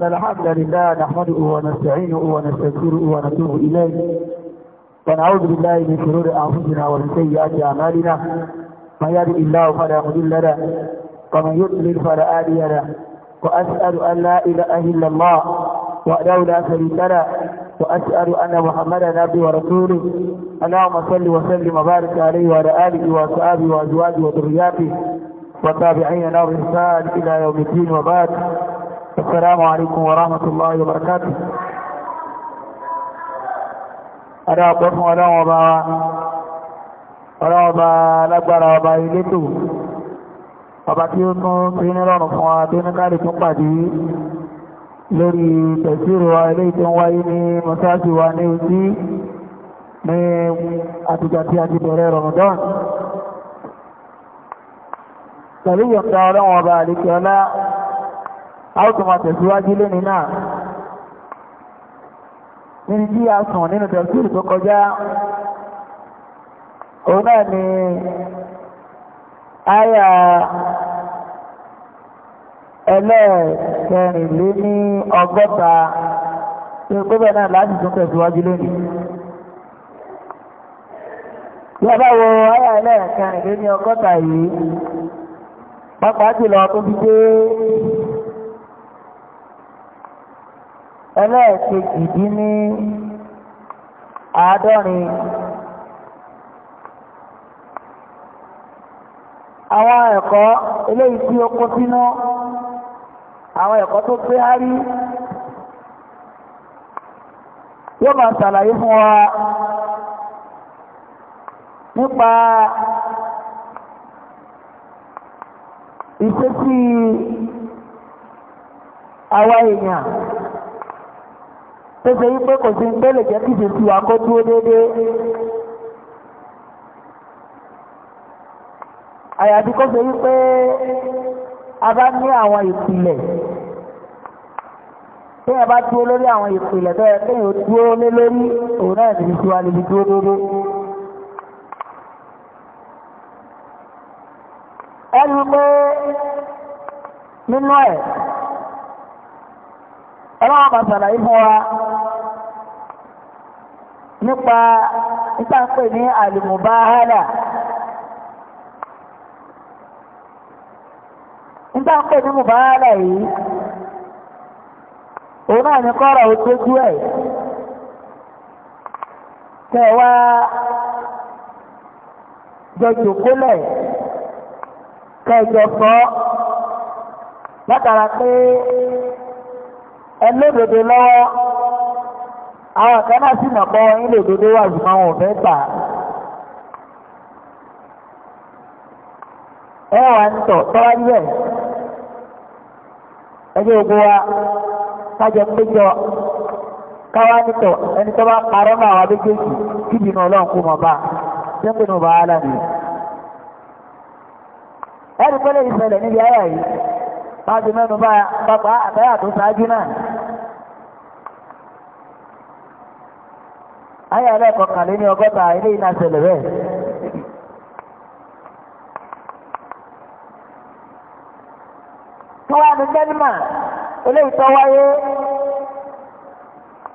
الحمد لله نحمده ونستعينه ونستغفره ونتوب إليه ونعوذ بالله من شرور أنفسنا ومن سيئات أعمالنا من يهد الله فلا مضل له ومن يضلل فلا هادي له وأسأل أن لا إله إلا الله وحده لا شريك له وأسأل أن محمدا عبده ورسوله اللهم صل وسلم وبارك عليه وعلى آله وأصحابه وأزواجه وذرياته وتابعين نار إلى يوم الدين وبعد السلام عليكم ورحمة الله وبركاته أنا أقول ولا وبا ولا وبا لبرا وبا إليتو ọba tí ó tún fi ní lọ́rùn fún wa tó ní káàlì tún pàdé lórí tẹ̀síro wa ilé tó ń wáyé ní mọ́sáàsì wa ní òsí ní àtìgbà tí a ti bẹ̀rẹ̀ Ramadan pẹ̀lú yọ̀ǹda ọlọ́wọ̀n ọba àríkẹ́ ọlá a ó tó lónìí náà níbi tí a sùn nínú tẹ̀síwájú tó kọjá o náà ni àyà ẹlẹ́ẹ̀kẹrìnlé ní ọgọ́ta tí ó náà láti tún tẹ̀síwájú lónìí yọba wo àyà ẹlẹ́ẹ̀kẹrìnlé ní ọgọ́ta yìí pápá jùlọ tó fi dé ele dín ní àádọ́rin àwọn ẹ̀kọ́ eléyìí tí ó kó sínú àwọn ẹ̀kọ́ tó gbé árí yóò máa ṣàlàyé fún wa nípa tó ṣe wípé kò sí tó lè jẹ́ kí ìṣesí wa kó dúró déédéé àyàfi kó ṣe wípé a bá ní àwọn ìpìlẹ̀ tí a bá dúró lórí àwọn ìpìlẹ̀ tó yẹ kéèyàn dúró lé lórí òun náà ti fi wa lè fi dúró déédéé ẹni pé nínú ẹ̀ máa ṣàlàyé fún wa nípa nípa ń pè ní àlùmùbáhálà nípa ń pè ní mùbáhálà yìí òun náà ní kọ́rọ̀ ó tójú ẹ̀ tẹ̀wá jọjò kólẹ̀ kẹjọ sọ látara pé ẹlẹ́dòdó lọ́wọ́ àwọn kan náà sì mọ̀ pọ́wọ́ yín lòdòdó wà ṣùgbọ́n wọn ò fẹ́ gbà á. ẹ wà ń tọ̀ tọ́wá níbẹ̀ ẹjẹ́ ògbó wa kájọ péjọ káwá nítọ̀ ẹni tó bá parọ́ náà wà méjèèjì kíbi náà ọlọ́run kó mọ̀ bá jẹ́pẹ̀ ní ọba ara mi. ẹ̀rí pẹ́lẹ́ ìṣẹ̀lẹ̀ níbi ayà yìí máa ti mẹ́nu bá bàbá àtàyà tó ṣáájú náà. ayé ẹlẹ́kọ̀ọ́kànlé ní ọgọ́ta ilé iná ṣẹlẹ̀ bẹ́ẹ̀. tí wàá ní jẹ́nìmà eléyìí tó wáyé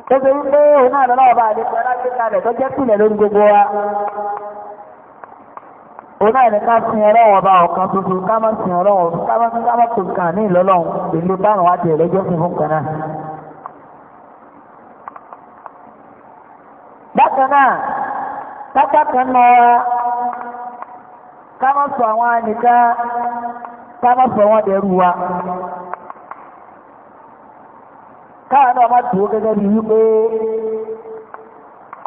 tó ṣe wípé òun náà lọ́wọ́ bá àlejò alágbèéká rẹ̀ tó jẹ́ pìlẹ̀ lórí gbogbo wa. òun náà ní ká sin ọlọ́wọ́ bá ọ̀kan tuntun ká má sin ọlọ́wọ́ ká má kó nǹkan ní ìlọ́lọ́run ìlú bárùn-ún àti ẹ̀lẹ́jọ́ sí fún kan náà. bákan náà pátákan náà ká àwọn nìkan ká má sọ wọn dẹrù wa káà náà má dùn ó gẹ́gẹ́ bí wípé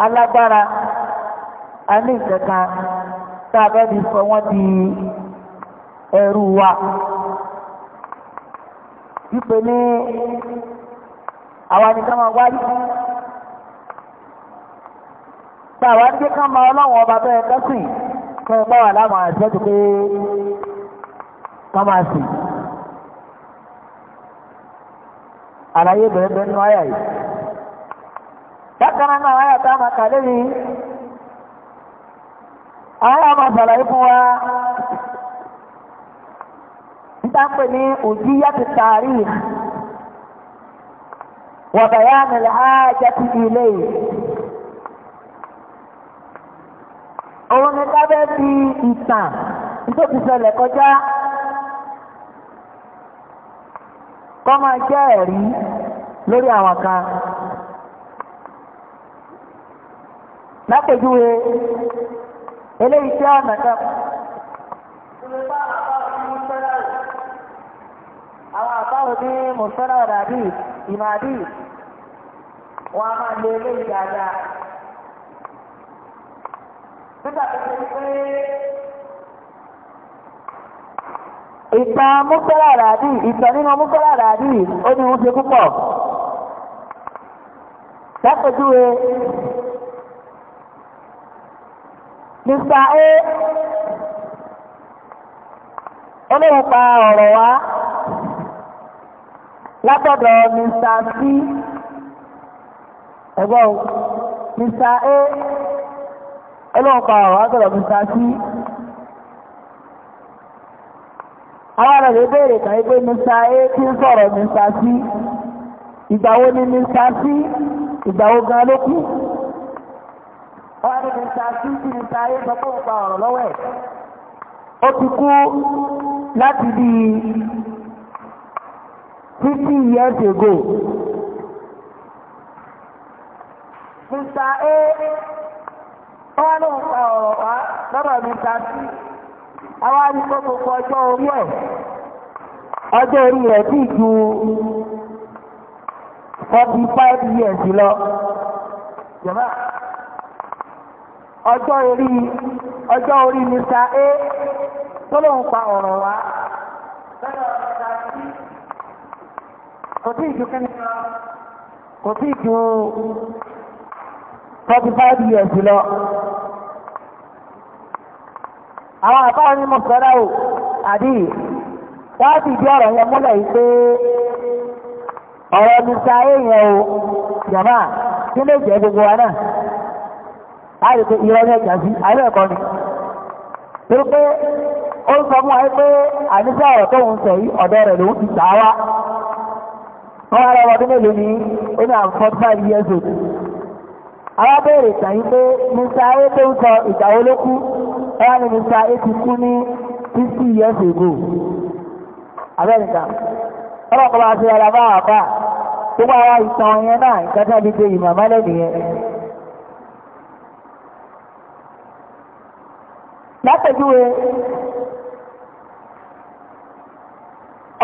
alágbára a ní ìkẹ̀kan tá a fẹ́ fi sọ wọ́n di ẹrú wa wípé ní àwọn nìkan máa wáyé bàbá ń dé ká máa ọlọ́run ọba bẹ́ẹ̀ kẹ́sìn kẹ́ ẹ wà láwọn àṣẹ tó pé ká máa àlàyé bẹ̀rẹ̀ bẹ̀rẹ̀ nínú àyà yìí. bákan náà àyà tá a máa kà lẹ́yìn àyà máa ṣàlàyé fún wa níta ń pè ní òjì yàtì òun ni ká bẹ́ẹ̀ fi ìtàn tó ti kọjá kọ́ máa jẹ́ ẹ̀rí lórí àwọn kan. lápèjúwe eléyìí jẹ́ ọ̀nà kan. àwọn àbáwò ní mùsùlùmí ọ̀dà bíi ìmọ̀ a máa lo eléyìí dáadáa. nígbà tó ṣe pé ìtàn mọ́kọ́lá ràdí ìtàn nínú mọ́kọ́lá ràdí ó ní wọ́n ṣe púpọ̀ lápẹjúwe Mr. A olóhùn pa ọ̀rọ̀ wá látọ̀dọ̀ Mr. C ẹ̀gbọ́n Mr. A. ọlọ́ọ̀pá ọ̀rọ̀ agbọ̀rọ̀ sí àwọn ọ̀rọ̀ lè béèrè kàí mista a tí ń sọ̀rọ̀ mista c ìgbàwo ni mista c ìgbàwo gan ló kù wọ́n ni mista c tí mista a sọ pé ọ̀rọ̀ lọ́wọ́ ó ti kú láti bí fifty years ago mista a ọwọ́ náà ta ọ̀rọ̀ wá lọ́rọ̀ mi ta sí àwọn arúgbó gbogbo ọjọ́ orí ẹ̀ ọjọ́ orí rẹ̀ ju 45 years lọ jọba ọjọ́ orí ọjọ́ orí Mr. A tó ló ń pa ọ̀rọ̀ wá mi kẹ́ni kò tí forty five years lọ. àwọn àbáwọn ní mọ̀sọ́lá o àbí wọ́n ti di ọ̀rọ̀ yẹn múlẹ̀ yìí pé ọ̀rọ̀ mr a yẹn o jàmá kí ló jẹ́ gbogbo wa náà láì pé irọ́ yẹn jà sí alẹ́ ẹ̀kọ́ ni. torí pé ó sọ fún wa pé àníṣe ọ̀rọ̀ tó ń sọ yìí ọ̀dọ́ rẹ̀ lòún ti gbà wá. wọ́n wá lọ́wọ́ ọdún mélòó ni ó ní àwọn forty years old. arábẹ̀rẹ̀ tàn yí pé mr ayé ń sọ ìgbà ni mr years ago abẹ́rẹ̀ta ọ̀rọ̀ kọ́ bá àbá tó wá ìtàn náà tí a ti gbé ìmọ̀ mọ́lẹ̀ nìyẹn. látẹ̀júwe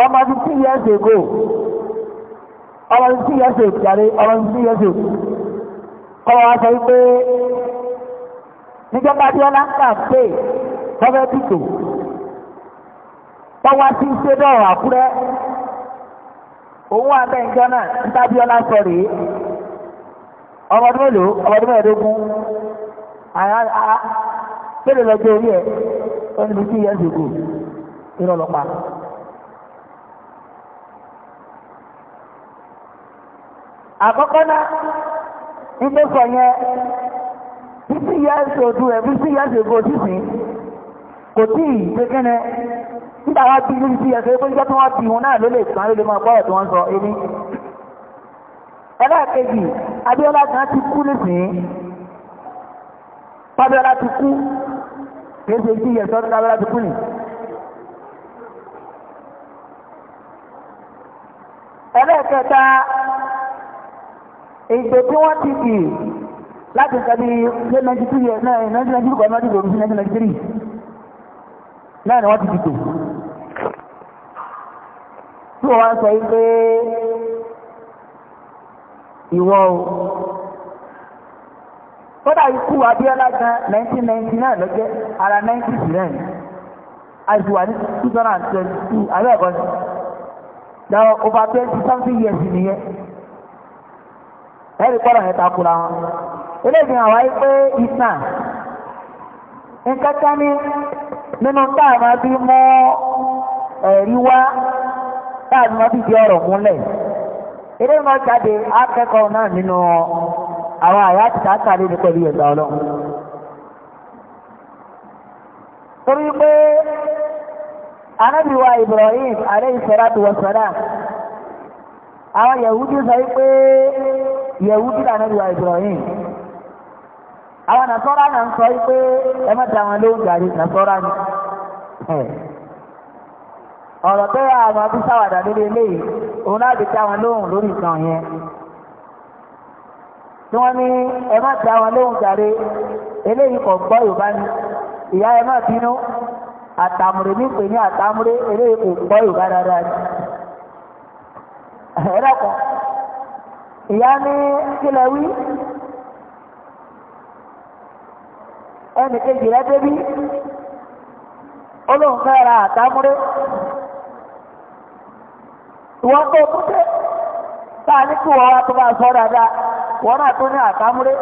ọmọ years ago ọmọ years kọ́ wa sọ pé níjọba Abíọ́lá ń kà pé tọ́fẹ́ dìbò tọ́wá sí ṣé Àkúrẹ́ òun àbẹ̀ náà ń tábíọ́lá sọ rèé ọmọdún mélòó ọmọdún mẹ́ẹ̀ẹ́dógún pélé lọ́jọ́ orí ẹ̀ tí yẹn àkọ́kọ́ náà ilé sọ yẹn fifty years ago ẹ̀ fifty years ago sísì kò tí ì ṣe kẹ́nẹ nígbà wá bí ní fifty years ago tí wọ́n bí wọn náà ló lè sàn ló lè máa gbọ́rọ̀ tí wọ́n sọ ẹni. ẹlẹ́ẹ̀kejì Abíọ́lá kan ti kú nísìnyí Fábíọ́lá ti kú kìí ṣe fifty years ọdún Fábíọ́lá ti kú nì. ẹlẹ́ẹ̀kẹta ìgbè tí wọ́n ti dì láti ìkàbí 1992 yẹn náà 1992 kọ̀ọ̀mọ́ ti dòrò sí 1993 náà ni wọ́n ti dìtò tí wọ́n wá sọ yí pé ìwọ o kódà ikú Abíọ́lá gan 1999 lọ́jẹ́ ara 1999 àìsí wà ní 2022 abẹ́ẹ̀kọ́ dáwọ́ over 20 something years nìyẹn. ẹ̀rí pọ́lọ̀ yẹn takura wọn eléyìí hàn wáyé pé Islam nǹkan ní nínú táàmù bí mú ẹ̀rí wá táàmù bí di ọ̀rọ̀ múlẹ̀ eléyìí máa jáde akẹ́kọ̀ọ́ náà nínú àwọn àyà ní pẹ̀lú ẹ̀dá ọlọ́run torí pé anábìwá Ibrahim yẹ̀wú bí lànà ìwà Ibrahim àwọn Nasọra na ń sọ pé ẹ má ta àwọn lóhùn gàrí Nasọra ni ọ̀rọ̀ tó yà àwọn abúlé sáwàdà lórí eléyìí òun láti ta àwọn lóhùn lórí ìtàn yẹn tí wọ́n ní ẹ má ta àwọn lóhùn gàrí eléyìí kò gbọ́ Yorùbá ni ìyá ẹ má bínú àtàmùrè ní pè ní àtàmùrè eléyìí kò gbọ́ Yorùbá dáadáa ni ẹ̀rọ kan. ìyá ní kílẹ̀ wí ẹnì kejì rẹ débí olóhùn fẹ́ ra àtàmúré tó kúté táà ní wọ́n wá tó bá sọ dáadáa wọ́n náà tó ní àtàmúré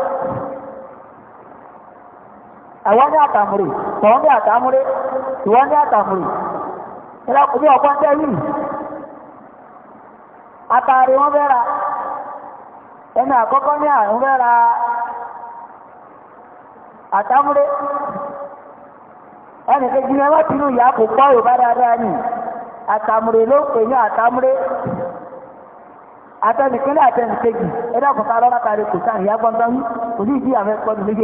àwọn ní àtàmúrè tọ́wọ́n ní àtàmúrè ní ọ̀pọ̀ ń tẹ́ yìí àtàrí wọn ẹni àkọ́kọ́ ní àrùn rẹ́ra àtàmúré ẹni kejì yẹn láti inú ìyá kò pọ́ yorùbá dáadáa nì àtàmúré ló pè ní àtàmúré àtẹnìkínní àtẹnìkejì ẹni kò sáà ìyá gbọ́ndọ́ yìí kò ní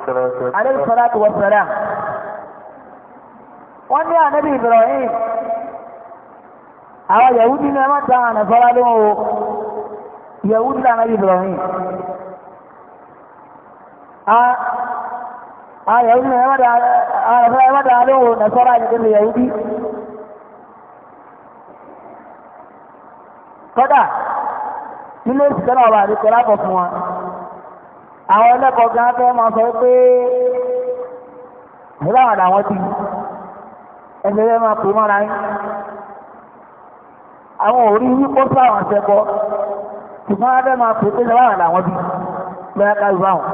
ìdí àwọn wọ́n ní ànábì Ibrahim àwọn yahudi ní ẹmọ́ta ànàfọ́lá ló ń wo yahudi ní ànábì Ibrahim àwọn yahudi ní ẹmọ́ta ló ń wo nàfọ́lá ní yahudi kọ́dà nílé ìsìnkẹ́nà ọba àdìkẹ́ lápọ̀ fún wa àwọn ẹlẹ́kọ̀ọ́ gan fẹ́ máa sọ pé ìlànà àwọn ti ẹgbẹ̀rẹ̀ máa pè mọ́ra yín àwọn òrí wípọ́ sáwọn àṣẹ́kọ́ ṣùgbọ́n adé máa pè pé sáwọn àlàwọ́ bí lọ́yá káyù báwọn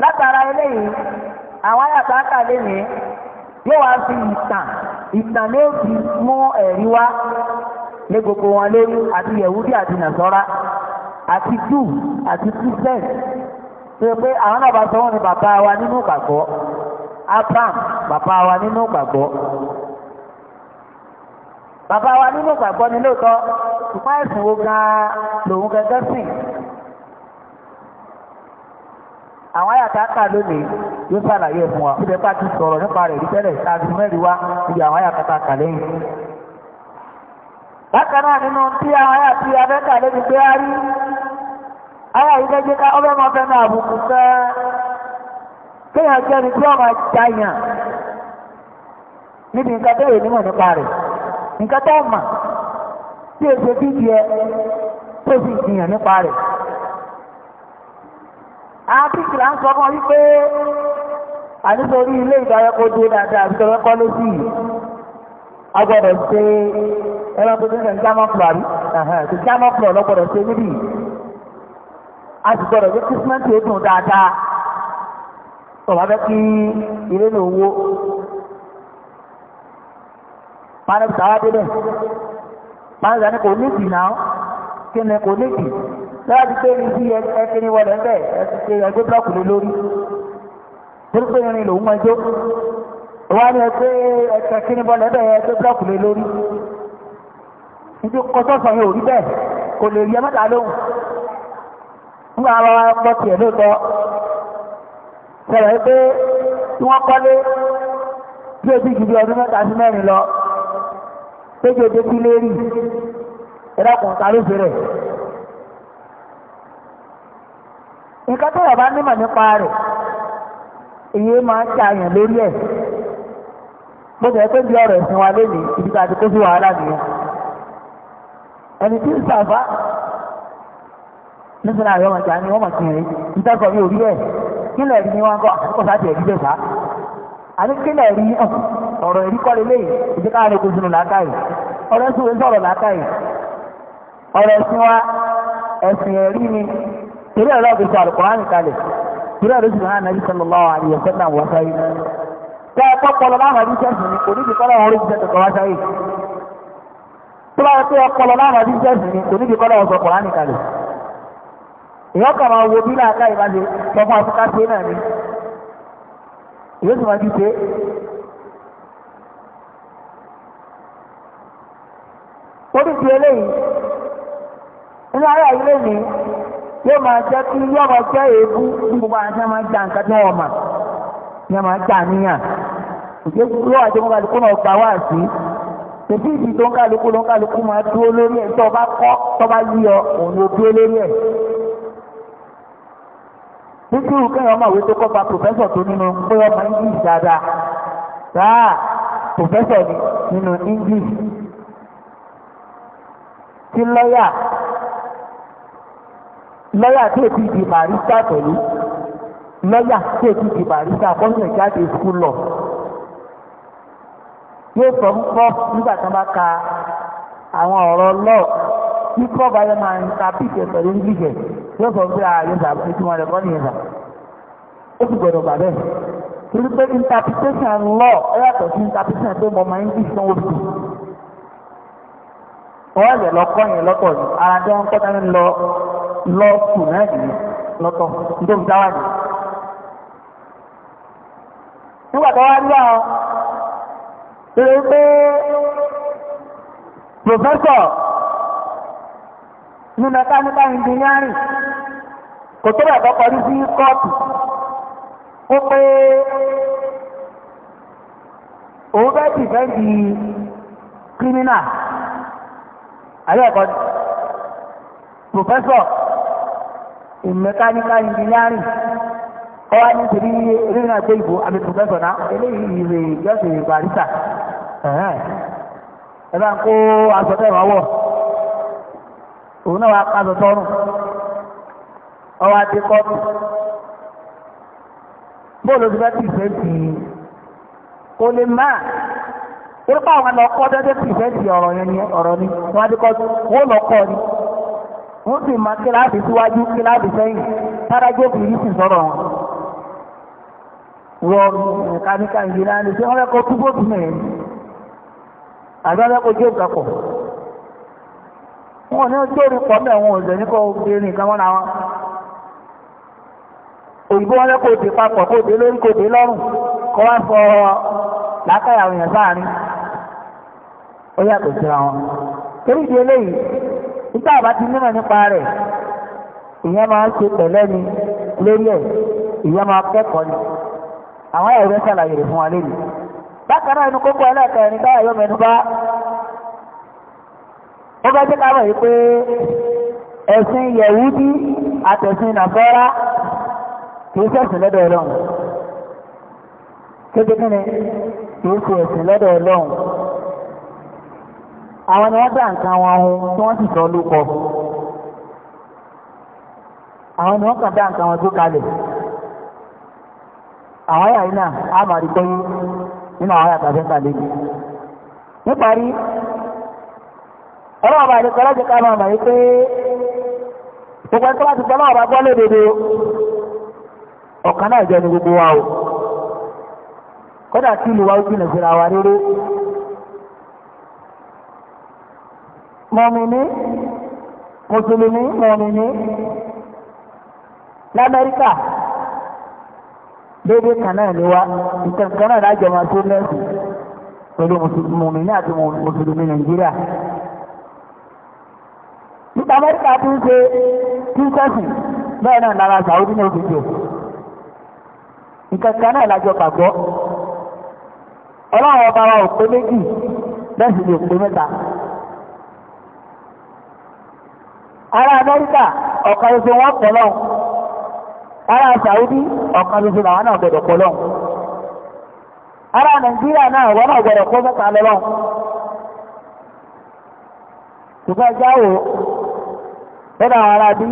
látara eléyìí àwọn ayàtọ̀ àkàlẹ́ ní yóò wá fi ìtàn ìtàn ló fi mú ẹ̀rí wá lé gbogbo wọn lórí àti yẹ̀wúdí àti nàṣọ́ra àti tó yẹ pé àwọn náà bá sọ ni bàbá wa nínú gbàgbọ́ Abraham bàbá wa nínú bàbá wa nínú ni lóòótọ́ ṣùgbọ́n ẹ̀sìn wo gan-an lòun gẹ́gẹ́ sìn àwọn àyàtà kà lónìí yóò ṣàlàyé wa a ti sọ̀rọ̀ nípa rẹ̀ tẹ́lẹ̀ láti mẹ́rin wá níbi àwọn àyàtà ta kà lẹ́yìn. bákan náà nínú tí àwọn àyàtì abẹ́kà lónìí rí ara yìí ká máa náà àbùkù kéèyàn ọmọ níbi nǹkan tó yẹ nímọ̀ nípa rẹ̀ nǹkan tó mà tí ẹ tó sì nípa rẹ̀. là ń sọ fún ọ wípé ànítorí ilé ìdáyẹ kó dé dáadáa àti tọrẹ kọ́ ló sì a gbọ́dọ̀ ṣe ẹranko tó ní àbí a ti gbọ́dọ̀ gbé kírísímẹ́ǹtì ó dùn dáadáa tọ̀bá fẹ́ kí ilé ní owó pánẹ́bù tàwa débẹ̀ pánẹ́bù tàwa ní kò nídìí náà kí ni kò nídìí lọ́wọ́ ti pé ní bí ẹkiri wọlé ńbẹ ẹkiri ẹgbẹ́ búlọ́ọ̀kù lé lórí torí pé irin lòún máa jó wọ́n á ní ẹgbẹ́ ẹkiri wọlé ńbẹ ẹgbẹ́ búlọ́ọ̀kù lé lórí nígbà àwọn ọmọ tiẹ̀ lóòótọ́ sọ̀rọ̀ pé wọ́n kọ́lé bí o lọ péjọ dé kí lérí ẹ̀dàkùn ta ló nǹkan tó yọ̀ bá nímọ̀ nípa rẹ̀ èyí máa ń ṣe lórí ẹ̀ bó jẹ́ ibi a kó sí wàhálà nìyẹn ẹni nísìnyí àyọ̀ ọmọdé àní anyị sí rẹ̀ nítọ́kọ̀ mi ò rí kí lẹ̀ rí ni wọ́n kọ́ àkókò sáà tiẹ̀ rí bẹ́ẹ̀ sá àní kí lẹ̀ rí ọ̀rọ̀ èrí kọ́ lélẹ̀ ìdíkà rẹ̀ kò sínú làákàyè ọ̀rọ̀ ẹ̀sìn rẹ̀ sọ̀rọ̀ làákàyè ọ̀rọ̀ ẹ̀sìn wa ẹ̀sìn ẹ̀rí ni torí ẹ̀rọ ọ̀gbìn sọ torí ẹ̀rọ lọ́wọ́ àyè ẹ̀sẹ̀ náà wọ́n sáyé ẹ ìyọ́n kàn máa wo bí láàká ìbáṣe sọ fún afúnká ṣe náà ni ìyóò sì máa ti ṣe torí ti eléyìí nínú ayé ilé mi yóò máa jẹ́ kí yóò máa jẹ́ èébú ní gbogbo àwọn tí wọ́n máa ń jà nǹkan tí wọ́n mà ní wọ́n máa ń jà níyàn ìgbé yóò wá jẹ́ kó kálukú náà gbà sí tètè ìdí tó ń kálukú ló ń kálukú máa dúró lórí ẹ̀ tó bá kọ́ tó bá yí ọ òun ló dúró lórí ẹ̀. títí ìwú kẹ́yọ̀ ọmọ àwọn tó kọ́ ba tó nínú pé ọmọ english dáadáa sáà nínú english tí lọ́yà lọ́yà tí èkú ìdí barista pẹ̀lú lọ́yà tí èkú ìdí barista bọ́sùn ìjáde lọ yóò sọ fún fọ́ nígbà tí wọ́n tí kọ́ bá yẹ máa ń ta píkẹ̀ pẹ̀lú ìgbìjẹ̀ yóò sọ pé ààyè ìgbà tí wọ́n rẹ̀ kọ́ nìyẹn sà ó sì gbọ́dọ̀ gbà bẹ́ẹ̀ torí pé interpretation law ó yàtọ̀ sí interpretation pé mo máa ń gbì sanwó sí wọ́n yẹ lọ kọ́ yẹn lọ́tọ̀ ni ara tí wọ́n kọ́ta ń lọ lọ sùn náà nìyẹn lọ́tọ̀ nítorí táwa nìyẹn nígbà tó wá rí àwọn torí pé professor ní mẹkáníkà ìndíníárìn kò tó bẹ̀ kọ́kọ́rí sí kọ́ọ̀tù ó pé òun fẹ́ tì fẹ́ di kírímínà àlẹ́ ẹ̀kọ́ pòfẹ́sọ̀ ìmẹkáníkà ìndíníárìn ọwá ní ti rí rírìn àgbé ìbò àmì pòfẹ́sọ̀ náà eléyìí ìrè yọ̀ọ̀sì barista ẹ̀hẹ́n ẹ bá ń kó aṣọ tẹ̀ wá òun náà a pàṣẹ tọrùn ọwọ́ adé kọ́ọ̀tù bóòlù ti fẹ́ tì í kò lè má àwọn fẹ́ tì ọ̀rọ̀ yẹn ni ọ̀rọ̀ ni wọ́n adé kọ́ọ̀tù wọ́n lọ kọ́ ni wọ́n sì máa kíláàsì síwájú kíláàsì sẹ́yìn tárájọ́ kì í sì sọ̀rọ̀ wọn túbọ̀ wọn ní gbórí pọ̀ mẹ́ wọn òṣèrè ní kọ́ obìnrin nǹkan mọ́ra wọn òyìnbó wọn lẹ́kọ̀ọ́ òdè papọ̀ kó òdè lórí kó òdè lọ́rùn kọ́ wá fọ làákàyà òyìn sáàrin ó yàtọ̀ síra wọn torí ìdí eléyìí nígbà àbá ti nímọ̀ nípa rẹ̀ ìyẹn máa ń ṣe lórí ẹ̀ ìyẹn máa kẹ́kọ̀ọ́ ni àwọn ẹ̀rọ fún wa bákan náà inú kókó báyọ̀ mẹ́nu ó bá jẹ́ káwọ̀ yìí pé ẹ̀sìn yẹ̀wúdí àtẹ̀sìn nàfọ́rá kìí ṣẹ̀sìn lọ́dọ̀ ọlọ́run kéde kí ni kìí ẹ̀sìn lọ́dọ̀ ọlọ́run àwọn ni wọ́n nǹkan wọn ohun tí wọ́n sì sọ lóko àwọn ni wọ́n kàn dá nǹkan wọn tó kalẹ̀ àwọn ayà yìí náà á máa rí ọlọ́ọ̀bà àdìkọ́ lọ́jọ́ ká máa mọ̀ yí pé gbogbo ẹni tó bá ti gbọ́ lọ́ọ̀bà gbọ́ lódodo ọ̀kan náà jẹ́ gbogbo wa o kódà tí ìlú wa ó jìnà síra wa rere mọ̀mìnì mùsùlùmí mọ̀mìnì lamẹ́ríkà kan náà ni wa nǹkan kan náà lájọ máa tó pẹ̀lú mùsùlùmí àti títà amẹ́ríkà ti ń ṣe tíṣẹ́sì na náà lára sàúdí ní òfin jò nǹkan kan náà lájọ pàgbọ́ ọlọ́run ọba wa ò méjì bẹ́ẹ̀ sì ni ò pé mẹ́ta ará amẹ́ríkà ọ̀kan ṣoṣo wọn pọ̀ lọ́hùn ará sàúdí ọ̀kan ṣoṣo làwọn náà gbọdọ̀ pọ̀ lọ́hùn nàìjíríà náà wọn náà pọ̀ mẹ́ta lọ́dọ̀ àwọn ará bí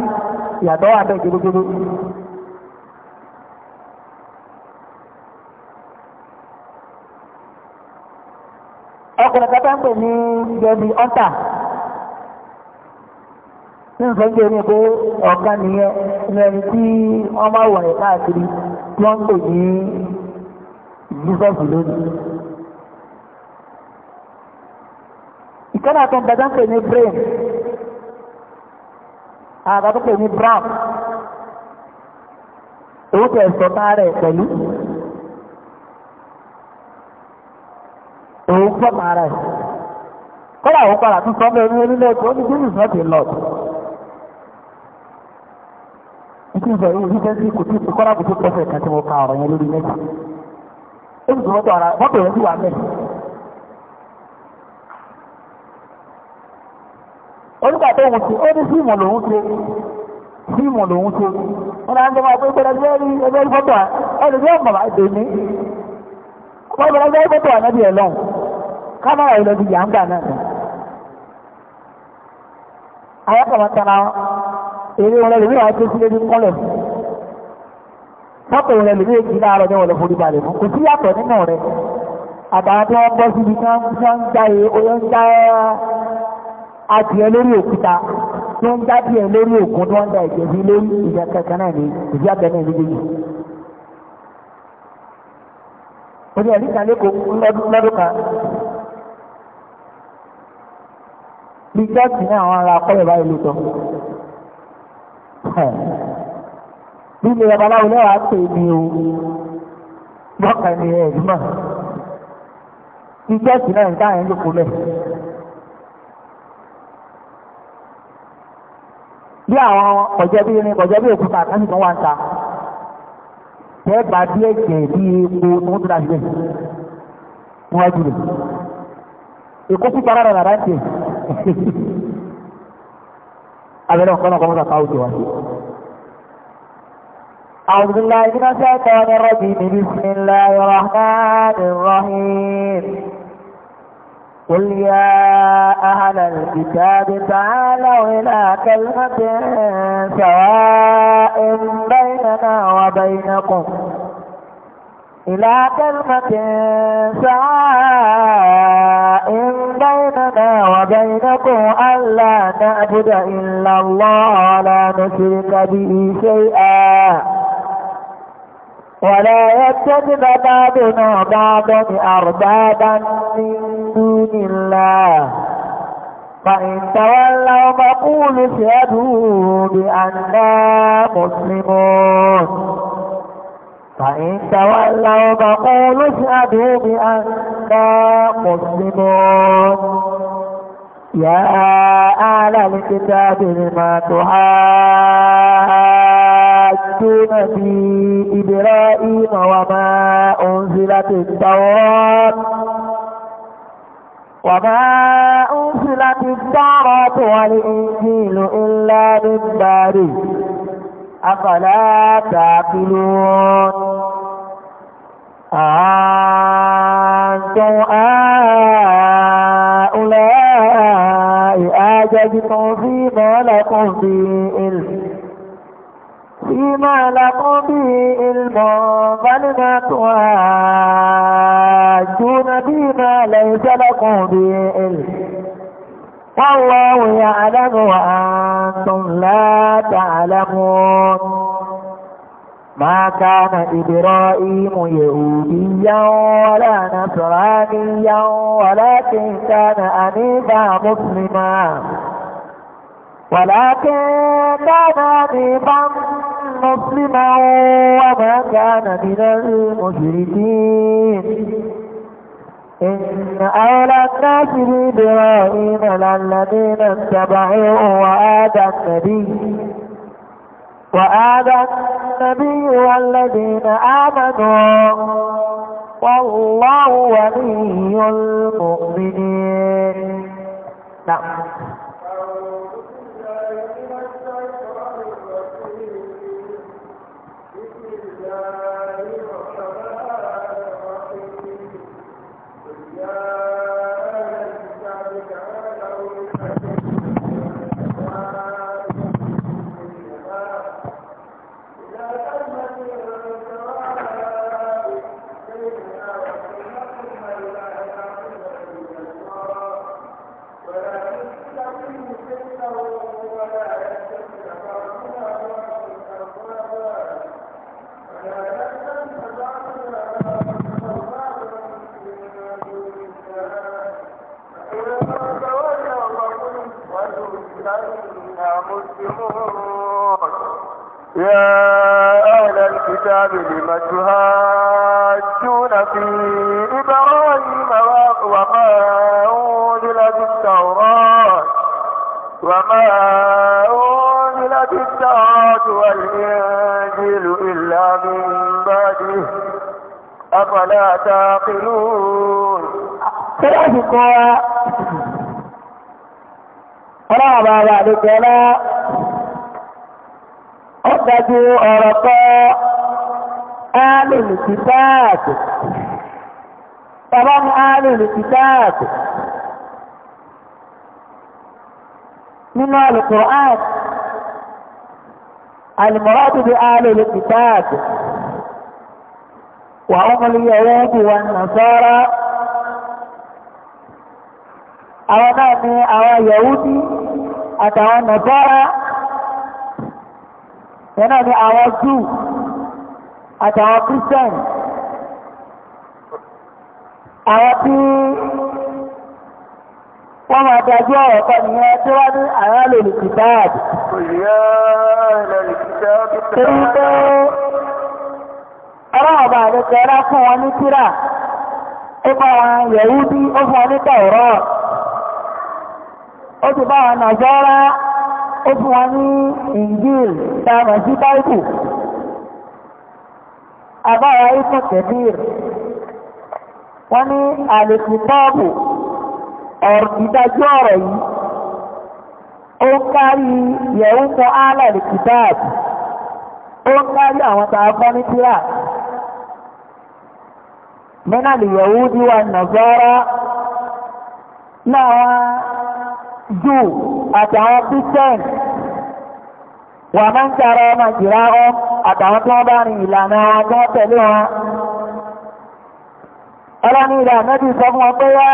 ìyàtọ̀ wà bẹ́ẹ̀ gẹ́gẹ́gẹ́ ọkùnrin kata ń pè ní gẹ̀ẹ́bì ọ́ntà ní nǹkan ní pé ọ̀gá nìyẹn ní tí wọ́n máa wọ̀ rẹ̀ káàkiri tí wọ́n pè ní lónìí. àgbàdúgbò ah, ní brown owó tẹ̀ sọ bá pẹ̀lú òun fọ́ máa kọ́lá òun padà tún sọ bẹ́ẹ̀ ní orílẹ̀ ní not a lord nítorí ìfẹ́ yìí jíjẹ́ sí kò tí kọ́lá kò tí ọ̀rọ̀ yẹn lórí mẹ́ta ó sì tún mọ́tò ara mọ́tò sì wà onígbà tó wù sí ó ní fíìmù lòún ṣe fíìmù lòún ṣe wọn náà ń jẹ́ máa pé pẹ́lẹ́ bí ẹni ẹgbẹ́ ìfọ́tò ẹlòmí ọ̀gbọ̀n àdè ní wọ́n bẹ̀rẹ̀ ẹgbẹ́ ìfọ́tò ànábì ẹ̀ lọ́hùn kámẹ́rà ìlọ ti yà ń gbà náà àwọn kan máa tara eré wọn lẹ́lẹ́mí àwọn tó sílé ní kọ́lẹ̀ sọ́pọ̀ wọn lẹ́lẹ́mí èjì láàárọ̀ ní wọlé forí balẹ̀ fún kò adìẹ lórí òkúta tí wọ́n ń dá adìẹ lórí òkun tí wọ́n ń da ẹ̀jẹ̀ sí lórí ìjà kankan náà ní ìdí abẹ náà ní gbèyìn. ó ní ẹ̀rí kan lẹ́kọ̀ọ́ lọ́dún kan bí jọ́ọ̀tì náà àwọn ará akọ́lẹ̀ báyìí ló sọ. bí ilé babaláwo lẹ́wàá pè mí o mọ́kànlélẹ́ẹ̀dúnmọ̀ bí jọ́ọ̀tì náà ń dá àyẹ̀ńdòkó lẹ̀. bí àwọn kọ̀jẹ́bí irin kọ̀jẹ́bí òkúta àtàkì kan wà ń ta tẹ́ẹ̀bà bí ẹ̀jẹ̀ bí epo tó ń tó dájú bẹ́ẹ̀ níwájú rẹ̀ èkó pípa rárá rárá ń tẹ̀ abẹ́rẹ́ ọ̀kan náà kọ́mọ́ta káwọ́ jẹ̀wá sí. أعوذ بالله من الشيطان الرجيم بسم الله الرحمن الرحيم قل يا أهل الكتاب تعالوا إلى كلمة سواء بيننا وبينكم إلى كلمة سواء بيننا وبينكم ألا نعبد إلا الله ولا نشرك به شيئا ولا يتخذ بعضنا بعضا أربابا من دون الله فإن تولوا فقولوا اشهدوا بأننا مسلمون فإن تولوا فقولوا اشهدوا بأننا مسلمون يا أهل الكتاب لما تحاول يحاجون في إبراهيم وما أنزلت التوراة وما أنزلت التوراة والإنجيل إلا من بعده أفلا تعقلون أنتم هؤلاء أعجبتم فيما لكم فيه ما لكم به علم فلما تحاجون فيما ليس لكم به علم والله يعلم وأنتم لا تعلمون ما كان إبراهيم يهوديا ولا نصرانيا ولكن كان أنيفا مسلما ولكن كان ضيفا مسلما وما كان من المشركين إن أولى الناس بإبراهيم للذين اتبعوه وآذى النبي وآذى النبي والذين آمنوا والله ولي المؤمنين نعم الكتاب لم تهاجون في إبراهيم وما أنزلت التوراة وما أنزلت التوراة والإنجيل إلا من بعده أفلا تعقلون ọlọ́wọ́ bá wà lókè ọlọ́ ọ̀dájú ọ̀rọ̀ alìlì kìtáàtì bàbá ní alìlì kìtáàtì nínú alìkùrán alìmọ̀rọ̀dù bí alìlì kìtáàtì wà ọmọlú yẹ̀wọ́ bí wọn nàṣọ́rọ̀ àwọn náà ni àwọn yẹ̀wúdí àtàwọn nàṣọ́rọ̀ yẹn náà ni àwọn júù àtàwọn christian àwọn tí wọ́n máa dájú ọ̀rọ̀ kan nìyẹn tí wọ́n ní àwọn lè lè kìtáàdì torí pé ọlọ́ọ̀bà àdẹ́kẹ́ ẹlá fún wọn ní tíra ó wọn yẹ̀wú bí ó fún wọn ní àbára ikú kẹbíir wọ́n ní àlèkù tọ́ọ̀bù ìdájọ́ ọ̀rọ̀ yìí ó ń kárí yẹ̀wù fún álàlì kìtáàbù ó ń kárí àwọn tààbọ́ ní tíra mẹ́nà lè yẹ̀wù díwà nàzọ́rọ́ láwọn jù àtàwọn bíṣẹ́ǹ wà máa ń tara ọmọ ìjìrá ọmọ àtàwọn tí wọ́n bá rin ìlànà wọn tí wọ́n tẹ̀lé wọn ọlọ́ni ilẹ̀ àmẹ́bí sọ fún wọn pé yá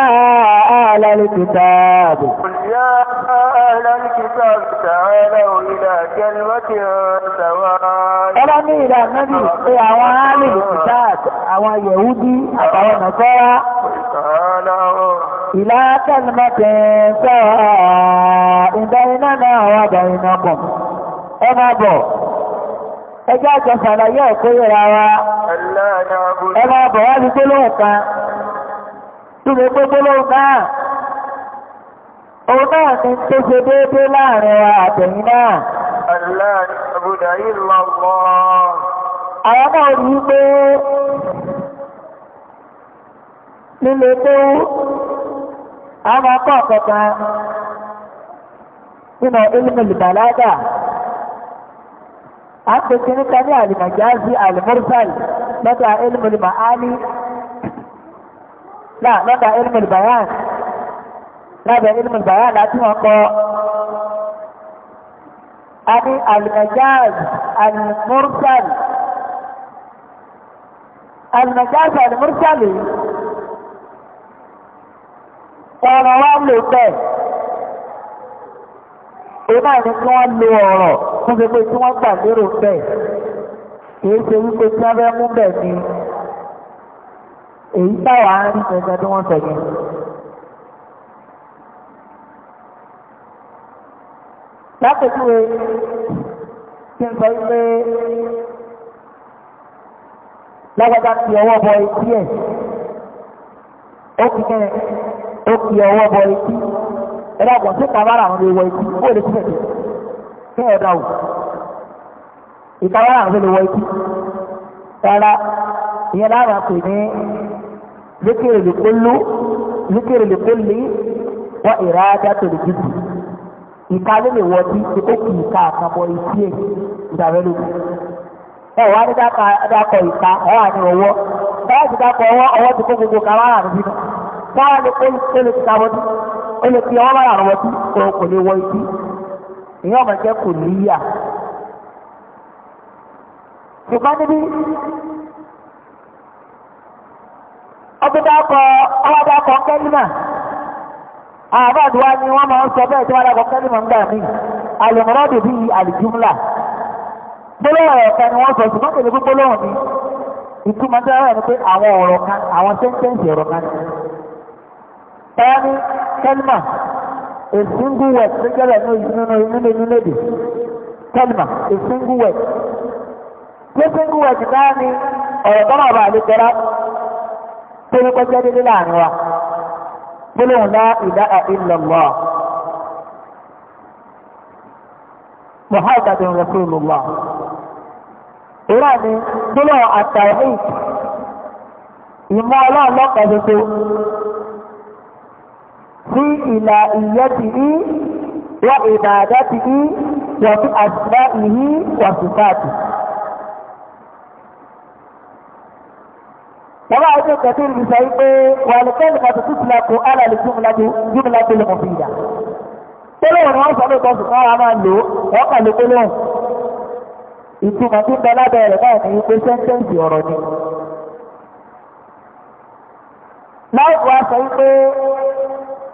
ààlẹ́ ìkìtàbù yá ààlẹ́ ìkìtàbù tààlẹ́ òyìnlẹ̀ àjẹ́lẹ́wọ́tì ọ̀tàwà ọlọ́ni ilẹ̀ àmẹ́bí pé àwọn ààlẹ́ ìkìtàbù àwọn yẹ̀húdí àtàwọn nàkọ́rá ìlà kẹ́lẹ́mọ́tì ẹjọ́ àjọ ṣàlàyé ẹ̀kọ́ yẹra wa ẹ máa bọ̀ wá ní gbólóhùn kan túnbí pé gbólóhùn náà òun náà ní tó ṣe déédé láàrin wa àtẹ̀yìn náà. àwọn náà rí i pé nílé tó àwọn akọ́ ọ̀kọ̀ọ̀kan nínú ilé ìbàlágà a ń pè kíní ká ní àlìmọ̀jáàzí àlìmọ́rúsàlì lọ́dọ̀ ilmul ma'ani náà lọ́dọ̀ ilmul bayan lọ́dọ̀ ilmul bayan láti wọn kọ́ a ní àlìmọ̀jáàzí àlìmọ́rúsàlì àlìmọ̀jáàzí àlìmọ́rúsàlì ọ̀rọ̀ wa lò bẹ́ẹ̀ ìmọ̀ tó ṣe pé tí wọ́n gbà lérò bẹ́ẹ̀ kìí ṣe wípé tí wọ́n fẹ́ mú bẹ́ẹ̀ ni èyí táwa ń rí gẹ́gẹ́ tí wọ́n sọ yẹn. lápẹ̀júwe tí ń sọ wípé lágbàdá ti ọwọ́ bọ etí ẹ̀ ó fi kẹ́rẹ̀ ó fi ọwọ́ bọ etí ẹ̀rọ ọ̀gbọ̀n tí kàbára àwọn ewu etí ó lè fi bẹ̀rẹ̀. kẹ́ ẹ̀ dáhùn ìkáwá àwọn olówó ikú rárá ìyẹn láwọn pè ní zikiri lukulu zikiri lukuli wa ìrádá tó lè dìbò ìka ló lè bí ó àkàbọ̀ ẹ̀ ìdàrẹ́ ló ẹ ní dákọ̀ ìka ọwọ́ báyà ti dákọ̀ ọwọ́ ọwọ́ ti kó gbogbo bínú ló kó lè ti wọ́n ó lè fi ọwọ́ wọ́n kò lè ìyẹn ọmọ jẹ́ kò níyà ṣùgbọ́n níbí ọgbẹ́dàkọ ọwọ́dàkọ kẹ́lìmà àbáàdùwá ni wọ́n máa ń sọ bẹ́ẹ̀ tí wọ́n dàkọ kẹ́lìmà ń gbà mí àlùmọ́rọ́dù bíi àlùjúmùlà gbólóhùn ẹ̀ka ni wọ́n sọ ṣùgbọ́n gbogbo ni ìtumọ̀ tí wọ́n rẹ̀ ni pé àwọn ọ̀rọ̀ kan àwọn sẹ́ńtẹ́ǹsì ọ̀rọ̀ kan ni. tẹ́lẹ̀ a single word nígbàlá náà yìí nínú nínú nínú èdè tẹ́lìmà a single word ṣé single word náà ni ọ̀rọ̀ tọ́lá ọba àlejòra tó ní kọjá délé láàrin wa gbólóhùn náà ìdá àìlọ́lọ́ muhammadu rasulullah ìrà ni gbólóhùn àtàwọn ìmọ̀ ọlọ́ọ̀lọ́pàá tuntun. في إلهيته وعبادته وفي أسمائه وصفاته كما أن كثير من سيئه والكلمة تطلق على الجملة جملة المفيدة tọ́lọ́wọ́n wọn sọ́dọ̀ tó sùn káwọn máa lò wọ́n kà ló gbólóhùn ìtumọ̀ tó ń bẹ lábẹ́ náà ní pé sẹ́ńtẹ́ǹsì ọ̀rọ̀ ni. láì wá sọ wípé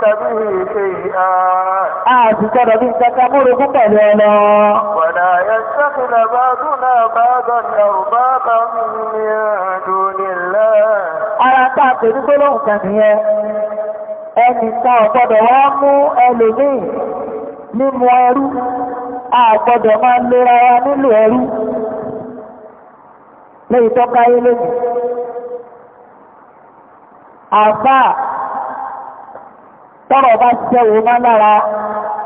ṣùrẹ́kà bí i ṣe ìhà. A ti sọ́dọ̀ bí kẹta múrò fún pẹ̀lú ẹlọ. Wọ̀nà yẹ̀ṣẹ́kìlẹ̀ bá dúnà bá dọ̀nà bá bá mi dúnilẹ̀. Ara tá a pẹ̀lú gbólóhùn kan Lẹ́yìn tó káyé lónìí. Àbá tọrọ bá ṣẹ́wò má lára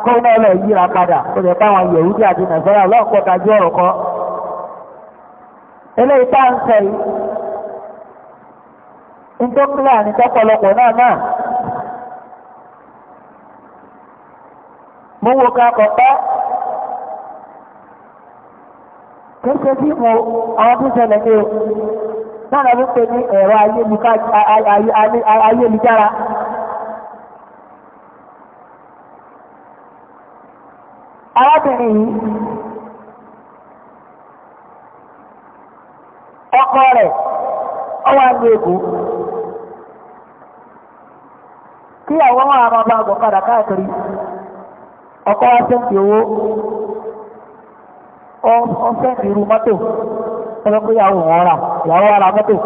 kọ́nà ọlọ́ yíra padà ó lè pa àwọn yẹ̀wúdí àti nàìjíríà lọ́pọ̀ dájú ọ̀rọ̀ kọ́ eléyìí tá ń sẹ ń tó kílà ní tọ́pọ̀lọpọ̀ náà náà mo wo ká kọ̀pẹ́ kéṣe o náà ní ẹ̀rọ arábìnrin yìí ọkọ rẹ̀ ọwọ́ ní èkó kí àwọn wọn àwọn ọba ọgbọ̀kadà káàkiri ọkọ wa sẹ́ǹtì owó ọ sẹ́ǹtì irú mọ́tò ẹgbẹ́ pé ìyàwó wọn rà ìyàwó wa ra mọ́tò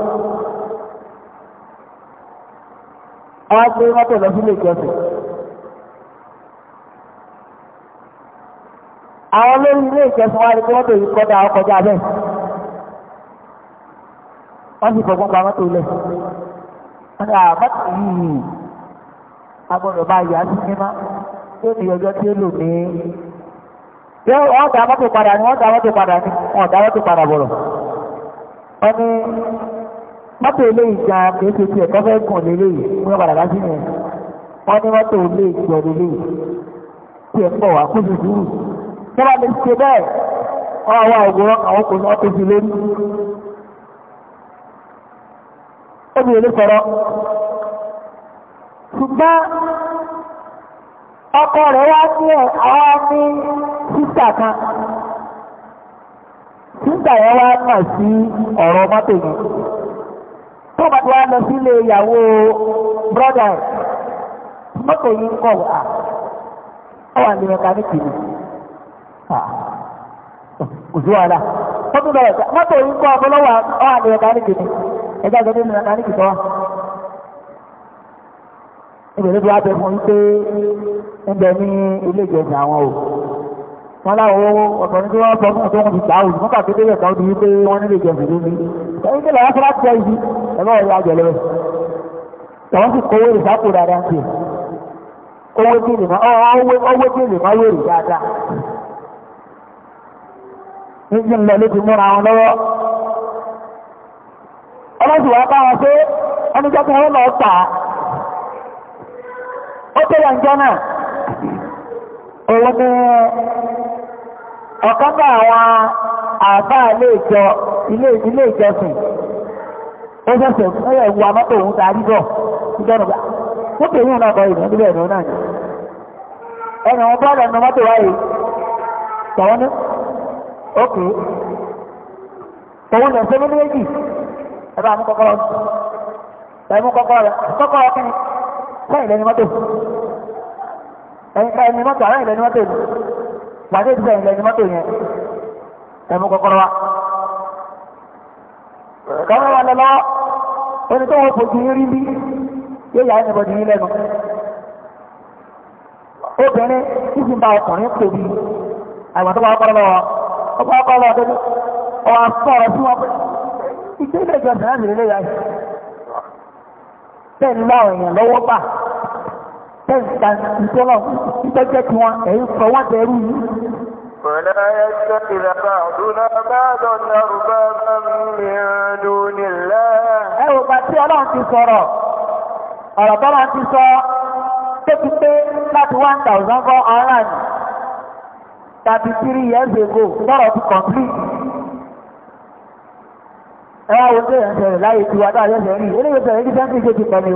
ọwọ́ gbé mọ́tò lọ àwọn olórí ilé ìjẹsùn wa ni kí wọ́n lè yí kọjá àwọn Ọ wọ́n sì fọgbọ́n pa mọ́tò lẹ̀ wọ́n ní àmọ́tò ah, yìí agbọ́dọ̀ bá yà sí mímá tó ní ọjọ́ tí ó lò ní. wọ́n dá mọ́tò padà ga tọ́wà lè ṣe bẹ́ẹ̀ ọwọ́ àwòrán àwọn kò náà tó jù lórí obìnrin lè sọ̀rọ̀ ṣùgbọ́n ọkọ rẹ̀ wá ní ẹ̀ àwọn ní sísà kan sísà yẹn wá mà sí ọ̀rọ̀ mọ́tò tó bá wá lọ sílé ìyàwó brọ́dà mọ́tò yìí ń kọ̀ Ah. kò sí wàhálà mọ́tò lọ ẹ̀ka mọ́tò yìí kọ́ ọ̀pọ̀lọpọ̀ ọ̀hà ní mẹkáníkì ni ẹ̀ka ìjọba ní mẹkáníkì tọ́ ìbẹ̀rẹ̀ o wọn láwọn owó wọ́n sọ fún wọn ọdún wípé wọ́n nílé ní ẹ̀yìn tí ẹ̀rọ sì kówó dáadáa owó tí owó tí níbi ńlẹ̀ ló ti múra wọn lọ́wọ́ ọlọ́sùn wá bá wọn pé ẹni jẹ́ kí wọ́n lọ tà á ó tẹ̀lé ǹjọ́ náà òun ni ọ̀kan bá àwọn àbá ilé ìjọ ilé ìjọsìn ó ṣẹ̀ṣẹ̀ fún ẹ̀wù amọ́tò òun darí bọ̀ ìjọba ó tẹ̀lé ìrìn àbọ̀ ìrìn níbẹ̀ ìrìn náà ẹni wọn bọ́ọ̀lù ẹnu mọ́tò wáyé tọ̀wọ́n náà okay tòun lọ sẹ́lẹ̀ méjì ẹ bá mú kọ́kọ́rọ́ ẹ mú kọ́kọ́rọ́ rẹ kọ́kọ́rọ́ kí ni sẹ́yìn lẹ́ni mọ́tò ẹ̀yìn mọ́tò àwọn ìlẹ́ni mọ́tò ni pàdé ti sẹ́yìn lẹ́ni mọ́tò yẹn ẹ mú kọ́kọ́rọ́ wa kọ́kọ́rọ́ wa lọ́wọ́ ẹni tó wọ́n fojú yín rí bí yóò yá ẹni bọ̀dì ọba akọ́lọ ọdún ọwà sọ̀rọ̀ tí wọ́n pẹ́ ìgbélé ìjọsìn náà nílé ya yìí tẹ́ ń lá èèyàn lọ́wọ́ bà tẹ́ ń ta ìjọlọ ìtọ́jẹ́ tí wọ́n ẹ̀yìn sọ wọ́n tẹ̀rù yìí. ولا يتخذ بعضنا بعضا أربابا من دون الله. ẹ wò bá tí ọlọ́run ti sọ̀rọ̀ ọ̀rọ̀ tọ́lọ́run ti sọ tó ti pé láti one thousand four hundred thirty three years ago tọ́rọ̀ ti complete. ẹ wá láyé tí eléyìí ní ti o.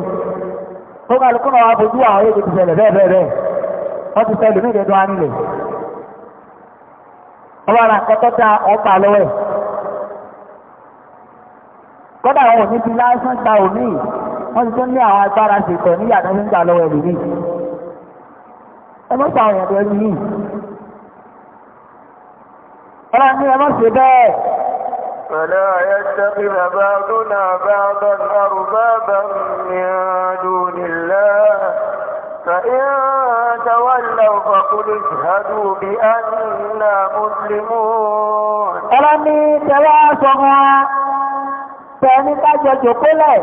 ó ká lóko náà wá fojú àwọn èdè ti bẹ́ẹ̀ bẹ́ẹ̀ bẹ́ẹ̀ wọ́n ti wọ́n ti tún ní àwọn agbára lọ́wọ́ ọlọ́run ní ẹ má ṣe bẹ́ẹ̀. فلا يتخذ بعضنا بعضا أربابا من دون الله فإن تولوا فقل اشهدوا بأننا مسلمون ألا مي تواسوا tẹni kájọ jòkólẹ̀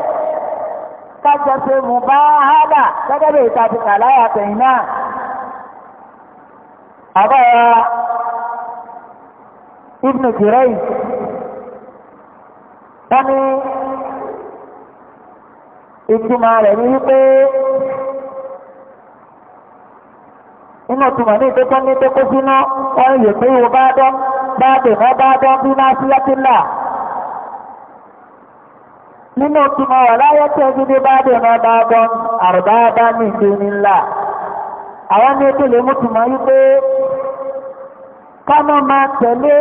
kájọ ṣe mú bá hádà gẹ́gẹ́ bí ìtàkùn àláyà tẹ̀yìn náà àbáyọ ابن جريج wọ́n ní ìtumọ̀ rẹ̀ ní wípé nínú ìtumọ̀ ní ìtẹ́kọ́ ní ìtẹ́kọ́ sínú wọ́n yè pé ìwò bá dán bá dè bá dán bí náà sí látìlá nínú ìtumọ̀ wà láyé tí ẹbí bá dè bá dán àrùbá bá ní nílá ká má máa tẹ̀lé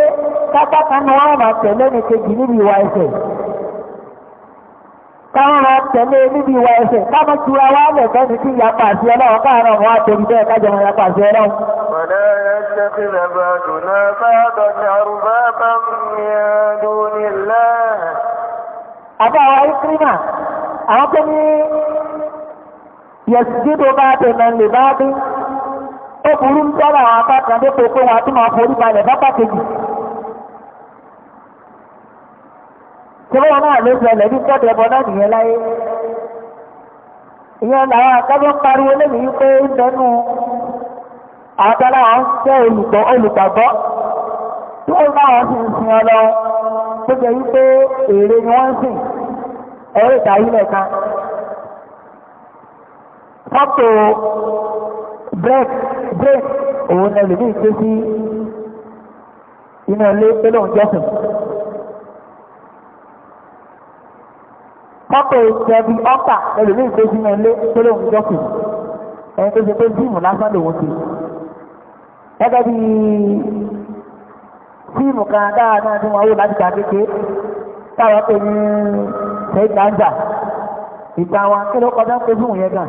kápá kan ní wọ́n máa tẹ̀lé ní kejì níbi ìwà ẹ̀ṣẹ̀ káwọn máa tẹ̀lé níbi ìwà ẹ̀ṣẹ̀ káwọn tura wá lẹ̀ fẹ́ni tí ìyapa àti ọlọ́run káàárọ̀ wọn á bẹ́ẹ̀ kájọ wọn yapa àti ọlọ́run. àbá àwọn ìkírínà àwọn tó ní yẹ̀sìdìbò bá tẹ̀lé bá bí ó burú ń dára àwọn akẹ́kọ̀ọ́ dépò pé wọn àti máa forí balẹ̀ bábà kejì. Tíwọ́n náà ló ṣẹlẹ̀ ní kọ́dọ̀ ẹbọ náà nìyẹn láyé. Ìyẹn làwọn akẹ́kọ̀ọ́ pariwo lẹ́yìn wípé ń bẹnu àtàlà àwọn jẹ́ olùgbọ́ olùgbàgbọ́ tí wọ́n bá wọn sì ń sin ọ lọ tó jẹ́ wípé èrè ni wọ́n ń sìn ẹ̀rọ ìdáyí lẹ̀ka. Fọ́tò break break òun ẹlò ní ìgbé sí iná ilé pẹ́lú ìjọsìn ọkọ̀ ìṣẹ́bí ọkà ẹlò ní ìgbé sí iná ilé pẹ́lú ìjọsìn ẹni tó ṣe pé fíìmù lásán lòun ti gẹ́gẹ́ bí fíìmù kan dáadáa ní wọn wò láti gbà kéke táwọn pè ní ṣẹ́yìn ìgbà wọn kí ló kọjá pé fíìmù yẹn gan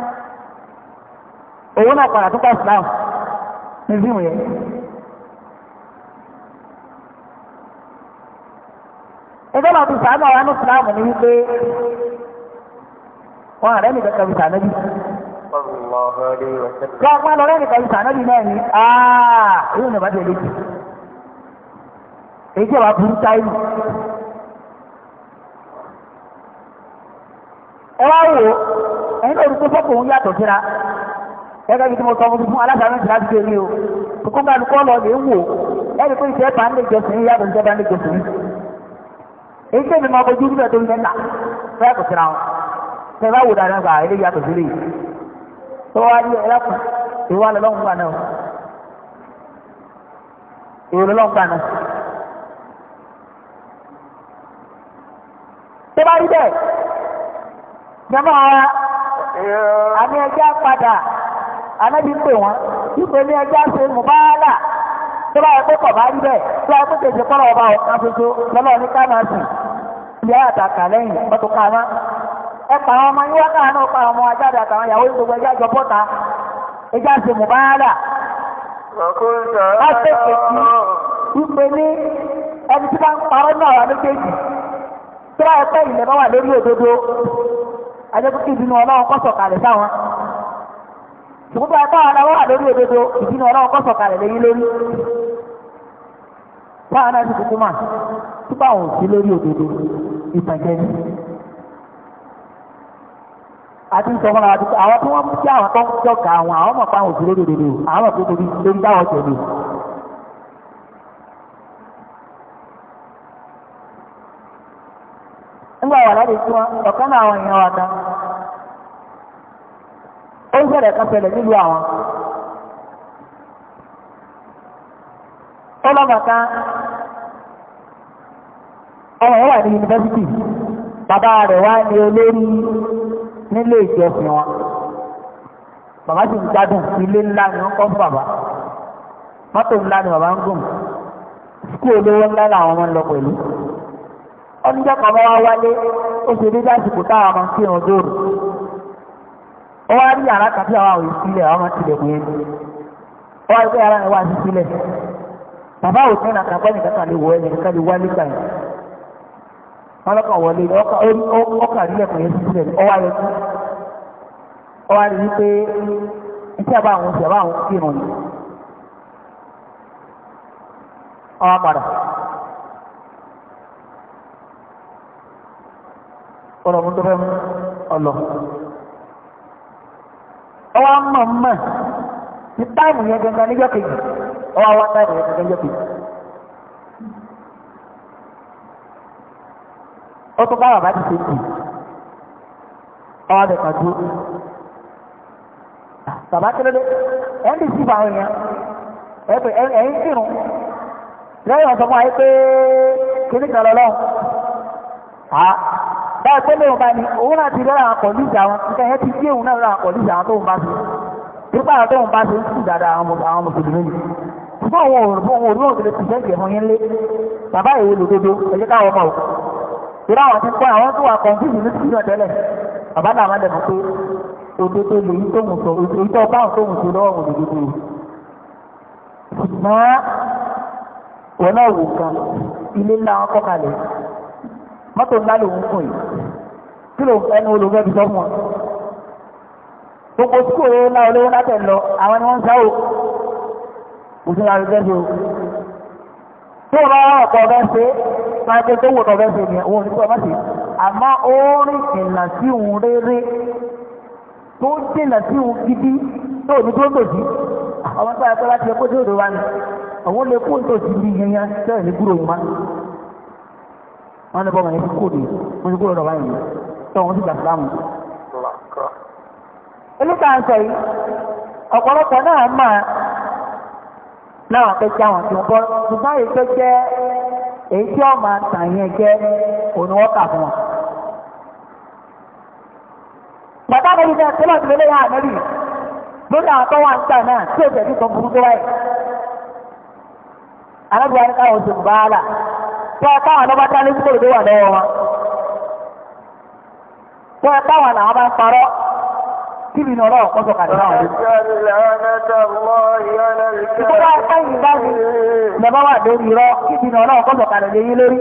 òun náà padà túkọ̀ islam ní fíìmù yẹn ẹgbẹ́ náà ti sàánù àwọn ní islam ní wípé wọn àrẹ́ nìkan kan fi sàánù bí lọ́gbọ́n lọ́rẹ́ nìkan fi sàánù bí náà ni aaa èyí ò ní bá ti lè jù èyí tí wàá burú táyì ẹ wá wò ẹ̀yin rí pé fọ́pọ̀ òun yàtọ̀ síra gẹ́gẹ́ bí mo sọ fún fún alágbàmí ìlà ti dé mi o kókó bá mi kọ́ lọ lè wò ẹni pé ìṣe bá ń lè jọsìn yàtọ̀ ìṣe bá ń lè jọsìn èyí tẹ̀mí máa bójú níbẹ̀ tó ń lẹ́ nà fẹ́ẹ́ kò síra wọn tẹ́ bá wò dáadáa gbà eléyìí yàtọ̀ sílẹ̀ yìí tó wá ní ẹlẹ́kùn ìwà lọ́lọ́run àmì ẹjẹ́ padà anábì pè wọ́n wípé ní ẹjọ́ ṣe mùbáàlà tó bá yẹ pé kọ̀ bá rí bẹ́ẹ̀ tó yẹ pé kèjì kọ́rọ̀ ọba ọ̀kan ṣoṣo lọ́lọ́ ní kánàsì ìyá àtàkà lẹ́yìn ọtún ká wọn. ẹ pa àwọn ọmọ yíwá káà náà pa àwọn ọmọ ajáde àtàwọn ìyàwó yìí gbogbo ẹjọ́ bọ́ta ẹjọ́ ṣe mùbáàlà. lásìkò wípé ní ẹni tí wọ́n ń parọ́ náà wà méjèèjì tó bá yẹ pé ìlẹ̀ ṣùgbọ́n bá a wà lórí òdodo ìdíni ọlọ́run kọ́ sọ̀kalẹ̀ lẹ́yìn lórí báwa náà ti kúkú mà lórí òdodo ìtànjẹ ni àti ìtọ́ àti àwọn tí wọ́n jẹ́ àwọn tó ń jọ̀ka àwọn àwọn mọ̀ pé àwọn òsì lórí òdodo àwọn mọ̀ pé lórí jẹ̀ nígbà wà láti tí wọn ìṣẹ̀lẹ̀ kan ṣẹlẹ̀ nílùú àwọn. ọrụ ọmọ wà ní yunifásitì bàbá rẹ̀ wá ní olórí nílé ìjọsìn wọn bàbá sì ń gbádùn ilé ńlá ni wọ́n kọ́ fún bàbá mọ́tò ńlá ni bàbá ń gùn olówó ńlá làwọn ọmọ ó wá rí yàrá kàbí àwọn àwọn ìsílẹ̀ àwọn máa tilẹ̀ wéé ó wá rí yàrá ẹ̀ wá sí bàbá òtún náà kàpẹ́ nìkan kan lè wọ ẹ̀yìn nìkan lè wálé gbà yẹn wọn lọ́kàn wọlé ọkà rí yẹn sílẹ̀ ó wá yẹn rí wípé iṣẹ́ àwọn oṣù àwọn ni padà tó fẹ́ mú ọwọ́ mọ̀ọ́mọ̀ ní táàmù yẹn gangan níjọ́ kejì ọwọ́ àwọn táàmù yẹn gangan níjọ́ kejì. ó tún bá bàbá ti ṣe kù ọwọ́ bẹ̀ kàn dúró. Ah, bàbá tó lé ẹ̀ ń lè sí ìbáwọn yẹn ẹ̀ pé sírun lẹ́yìn ọ̀sán fún wa yìí báyìí pé lóun bá ní òun náà ti rọra àkọ́ ní ìjà wọn nǹkan yẹn ti dí òun náà rọra àkọ́ ní ìjà wọn tóun bá ṣe nípa àwọn tóun bá ṣe ń sùn dáadáa àwọn mùsùlùmí ni ṣùgbọ́n àwọn òrùn fún òun náà ti ṣe ìjẹ̀ fún yín lé bàbá ìwé lòdodo ẹ̀jẹ̀ káwọn ọmọ òkú ìrọ̀ àwọn ti kọ́ àwọn tó wà kọ̀ǹfìsì ní ti náà tẹ́lẹ̀ bàbá náà má dẹ̀mọ́ pé òdodo lèyí tó mú sọ èyí tó báwọn tó mú sọ lọ́wọ́ òun lòdodo ṣùgbọ́n wọn náà wò kan ilé ńlá wọn kọ́ kalẹ̀ mọ́tò ńlá lòun kùn yìí kí ló ẹnu olùfẹ́ fi sọ fún wọn. gbogbo sukù owó ńlá olówó látẹ̀ lọ àwọn ni wọ́n ń sáwò òsì àrùn fẹ́ẹ́ tó o bá ọ̀pọ̀ ọ̀fẹ́ ṣe máa ṣe tó wò ọ̀fẹ́ ṣe ni òun ní sọ ọmọ sí àmọ́ ó rìn ìlànà sí òun rere tó ń dènà sí òun gidi tó ní tó ń tòsí ọmọ tó yà tó láti ẹkọ́ tí ó dò wá ní òun lè kó ń tòsí wọ́n ní bọ́ọ̀mù yẹn ti kó de wọ́n ti kó lọ́dọ̀ báyìí tó wọ́n ti gbà sílámù. eléta ń sọ yìí ọ̀pọ̀lọpọ̀ náà máa láwọn fẹ́ jẹ́ àwọn tí wọ́n bọ́ ṣùgbọ́n èyí tó jẹ́ èyí tí wọ́n máa tàn yẹn jẹ́ òun wọ́n kà fún wọn. bàtà mẹ́rin náà tó lọ́ọ̀tì lélẹ́yà àmẹ́rì lórí àwọn tó wà ń tà náà tí ò wọ́n táwọn lọ́ba tá ní kúrò tó wà lọ́wọ́ wọn wọ́n táwọn làwọn bá ń parọ́ kíbi ní ọlọ́run kọ́sọ̀ kàdé náà rí. ìgbọ́dọ̀ ẹ̀yìn báyìí lọ́ba wà lórí irọ́ kíbi ní ọlọ́run kọ́sọ̀ kàdé léyìn lórí.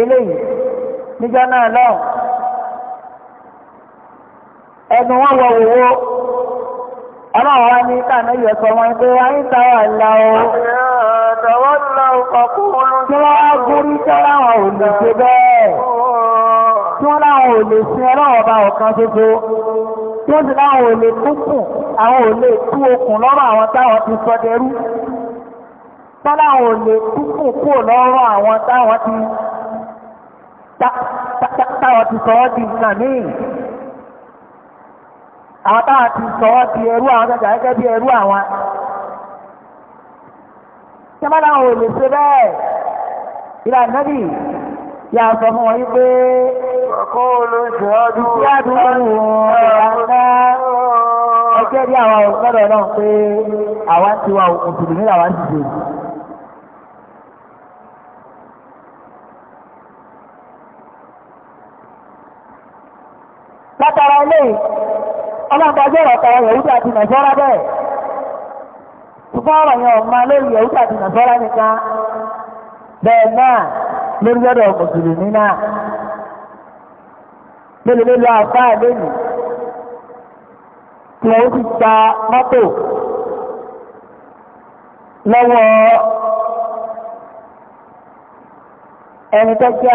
eléyìí níjọ́ náà lọ́hùn ẹnu wọn wọ wòwó ọlọ́run wa ní káàná yẹ̀ sọ wọn pé wọ́n ń ta wà láwọ́. tí wọ́n á gúrí tí láwọn ò lè ṣe bẹ́ẹ̀ tí wọ́n láwọn ò lè ọba ọ̀kan ṣoṣo tí wọ́n sì láwọn ò lè àwọn ò lè okùn lọ́rọ̀ àwọn táwọn ti sọ dẹrú tí wọ́n láwọn ò lè ṣe bẹ́ẹ̀ ìlà nẹ́bì yà sọ fún wọn wípé ọkọ̀ olóṣèlú ọdún ọdún ọdún jẹ́ bí àwọn ọ̀sọ́dọ̀ náà pé àwa ti wa òkùnkùnrin àwa ti dè. látara ilé ọlọ́gbàjọ́ ọ̀rọ̀ kan yẹ̀wúdí àti nàìjíríà bẹ́ẹ̀ ṣùgbọ́n yẹn ọ̀ma lórí ẹ̀wú tàbí nàṣọ́lá nìkan bẹ́ẹ̀ náà lórí ọ̀dọ̀ mùsùlùmí náà mélòó mélòó àfáà lónìí tí ti ta mọ́tò lọ́wọ́ ẹni tó jẹ́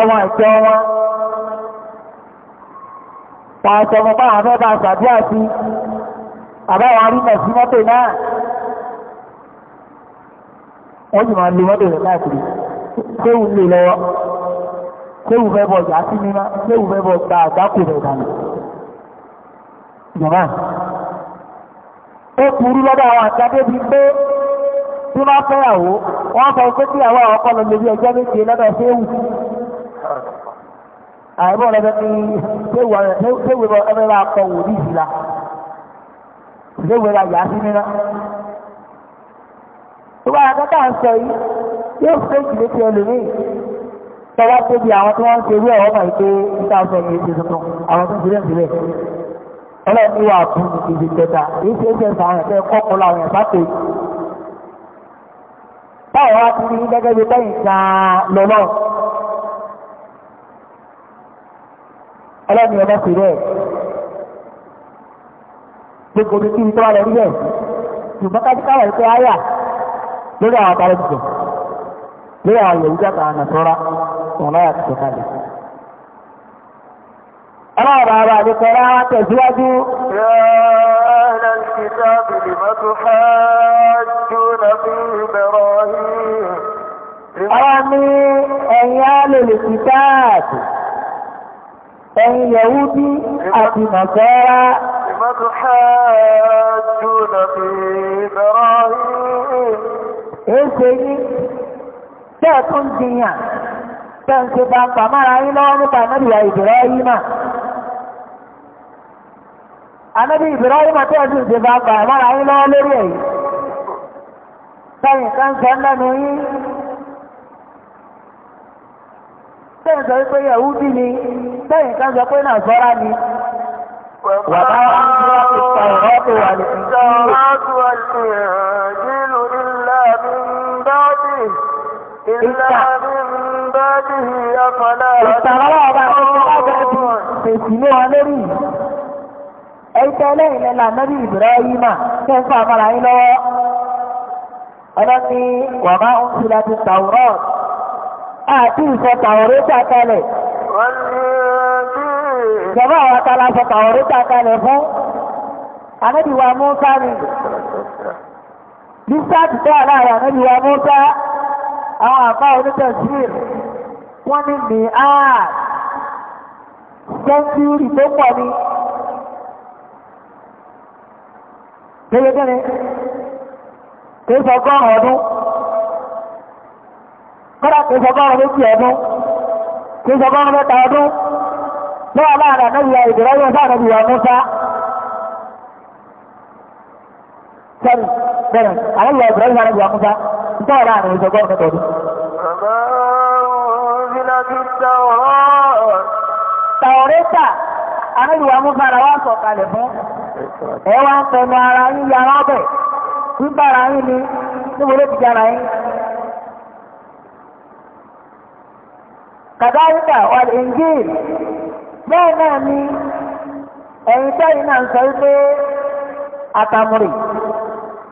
àwọn àjọ wọn pàṣẹ mọ́ àwọn fẹ́ bá ṣàdúrà àbáwọn arímọ̀ sí mọ́tò náà wọ́n sì máa lo mọ́tò rẹ̀ káàkiri kéwù lè lọ́wọ́ kéwù fẹ́ bọ̀ yà sí mímá kéwù fẹ́ bọ̀ gba àgbákò rẹ̀ dànù jọ̀mọ́ ó burú lọ́dọ̀ àwọn àtàdé bíi pé tí wọ́n fẹ́yàwó wọ́n sọ pé kí àwọn àwọn ọkọ̀ lọ lórí ẹjọ́ méje lọ́dọ̀ séwù àìbọ̀ lọ́dọ̀ ní séwù ẹgbẹ́ bá kọ wò ní ìjìlá séwù tó bá yàtọ̀ tá à ń sọ yìí yóò fèjì létí ẹlòmíì tọ́wọ́ tóbi àwọn tí wọ́n ń ṣe irú ẹ̀wọ́ máa pé níta sọ yìí ṣe tuntun àwọn tó ń ṣe lẹ́sìn ọlọ́ọ̀ni wà fún ìdí kẹta èyí ṣe é ṣe sàárẹ̀ fẹ́ kọ́kọ́ láwọn ẹ̀fá pé báwo wá ti rí gẹ́gẹ́ bí lẹ́yìn kan lọ́lọ́ ọlọ́ni ọba sì rẹ̀ lórí àwọn akárẹ́ tuntun lórí àwọn yòówù jáde àwọn nàtọ́ra wọn náà ti sọ̀kalẹ̀. ọlọ́run àwọn àdìkọ́lá wa tẹ̀síwájú. yàrá ìkìtà bìlì mọ́tò ní ẹ̀yà lè lè fi táàtì ẹ̀yin àti nàṣẹ́ra. ìmọ̀tò hájú nàbí Ibrahim. èéṣe yín bẹ́ẹ̀ tó ń jiyàn bẹ́ẹ̀ ń ṣe pàǹpà mára yín lọ́wọ́ nípa anábìyà Ibrahim anábì Ibrahim tó ń ṣe mára yín lọ́wọ́ lórí kan sọ lẹ́nu yín sọ pé ni kan sọ pé ni. والإنجيل بعده إلا من بعده أفلا تتقون ẹ̀tẹ́ lẹ́yìn lẹ́la nẹ́bí Ibrahima kẹfà mara yín lọ́wọ́ ọlọ́ni wà máa ń fi láti tàwùrọ̀ àti ìfọ̀ tàwùrọ̀ tàkalẹ̀ jọba àwọn atalàfọ̀ tàwùrọ̀ tàkalẹ̀ fún anábìwà mú sáni dísáàtì tó àláàrà níbi wa mọ́sá àwọn àbá onítẹ̀síìr wọ́n ní ní áà sẹ́ńtúrì tó pọ̀ ní gẹ́gẹ́gẹ́ni kìí sọgọ́rùn ọdún kọ́dà kìí sọgọ́rùn méjì ọdún kìí sọgọ́rùn mẹ́ta ọdún lọ́wọ́ láàrà níbi wa ìdìrẹ́yìn sáà wa sọ́rí bẹ̀rẹ̀ àwọn ìlọ ìbẹ̀rẹ̀ ìyára ìyá kúta ìta ọ̀rọ̀ àrùn ìjọgbọ́n ọ̀rọ̀ tọ̀dún. tàwọ̀rẹ́tà anáyíwá mú fara wá sọ̀ kalẹ̀ fún ẹ wá ń tẹnu ara yín yàrá ọbẹ̀ ń bára yín ni níbo ló ti jára yín. kàdáríkà ọ̀lẹ̀ ìngíìlì bẹ́ẹ̀ náà ni ẹ̀yin tẹ́yìn náà ń sọ wípé àtàmùrì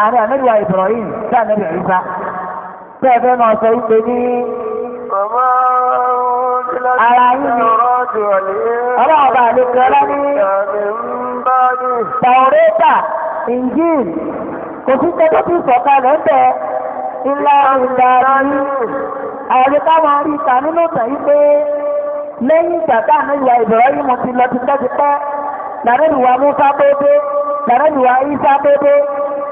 àárín àmẹ́lìwà Ibrahim sí àmẹ́lì Ìsá tẹ́ ẹ fẹ́ máa sọ wípé ní ara yìí ni ọlọ́ọ̀bà àlejò ọlá ní tàwọ́rẹ́tà Injil kò sí tẹ́tọ́ tí sọ̀kalẹ̀ ń bẹ ńlá ìlà ní àríká máa rí ìta nínú ìtàn yìí pé lẹ́yìn ìgbà tá àmẹ́lìwà Ibrahim ti lọ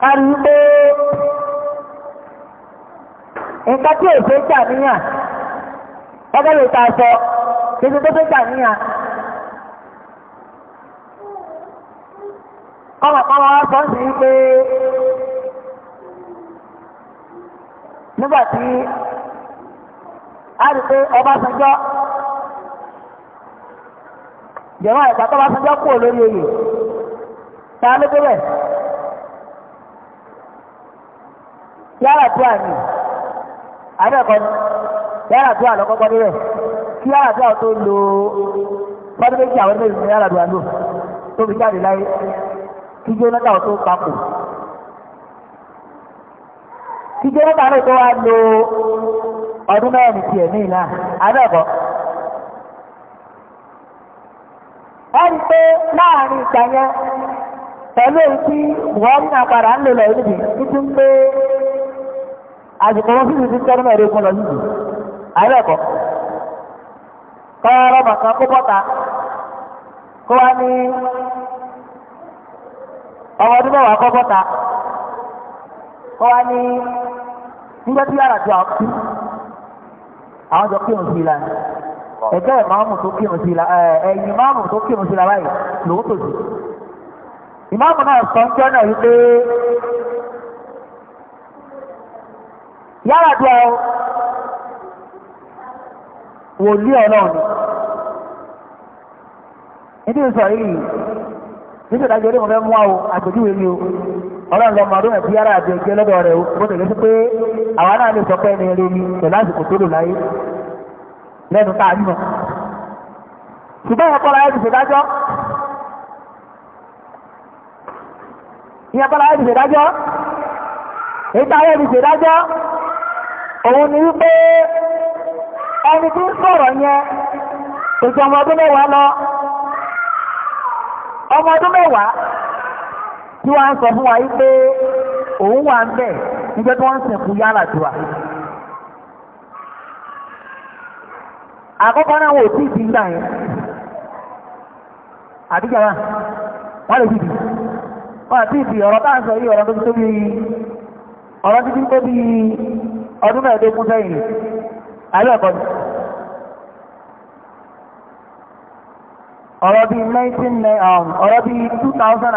a nǹkan tí ò fẹ́ ṣàníyàn ọgbẹ́ lè ta sọ títí tó fẹ́ ṣàníyàn. wá sọ sí pé nígbà tí a rí Ọbásanjọ́ jẹ̀wọ́n àìsàn tó bá sanjọ́ kúrò lórí oyè ta yàrá tó àmì àbẹ́ẹ̀kọ́ ni yàrá tó àlọ́ kọ́kọ́ níbẹ̀ kí yàrá tó àwọn tó lo fọdún méjì àwọn méjì ní yàrá tó àlò tó fi jáde láyé kí Jónátà tó papò kí Jónátà náà tó wá lo ọdún mẹ́rin tiẹ̀ ní ìlà àbẹ́ẹ̀kọ́. ẹni pé láàrin ìgbà yẹn pẹ̀lú èyí tí buhari náà padà ń lò lọ ìlú yìí títí ń pé àsìkò wọn fífi ti tẹ́lẹ̀ mẹ́rin kún lọ yìí àìlẹ́kọ̀ kọ́ra màkà kó bọ́ta kó wá ní ọmọ ọdún mẹ́wàá kọ́ bọ́ta kó wá ní nígbà tí yàrá ju àwọn kí àwọn jọ kírun sí i la ẹgbẹ́ ìmáàmù tó kírun sí i la ẹ̀yìn ìmáàmù tó kírun sí i la báyìí lòún tòsí ìmáàmù náà sọ ń jẹ́ náà wípé. yàrá bí ọ wòlíì ọlọ́run ni nítorí sọ yìí nítorí ìdájọ́ orí mo fẹ́ mú wa o o ọlọ́run lọ mọ ọdún ẹ̀bí yàrá àti ẹgbẹ́ lọ́dọ̀ rẹ̀ o tẹ̀lé sí pé náà lè sọ pé ẹni tó lò láyé lẹ́nu ṣùgbọ́n ṣèdájọ́ ìyẹn ṣèdájọ́ èyí tá ayé ṣèdájọ́. òun ni wípé ẹni tí ń sọ̀rọ̀ yẹn ìjọ ọmọ mẹ́wàá lọ ọmọ mẹ́wàá tí wọ́n ń sọ fún wa wípé òun wà ń bẹ̀ níjẹ́ tí ń sìnkú yálà àkọ́kọ́ náà wò tí gbà yẹn àdíjọba wọ́n lè wọ́n àti ọ̀rọ̀ bá ń sọ yí ọ̀rọ̀ ọdún mẹ́ẹ̀ẹ́dógún sẹ́yìn alẹ́kọ̀ọ́ ọ̀rọ̀ bíi nineteen um, ọ̀rọ̀ bíi two thousand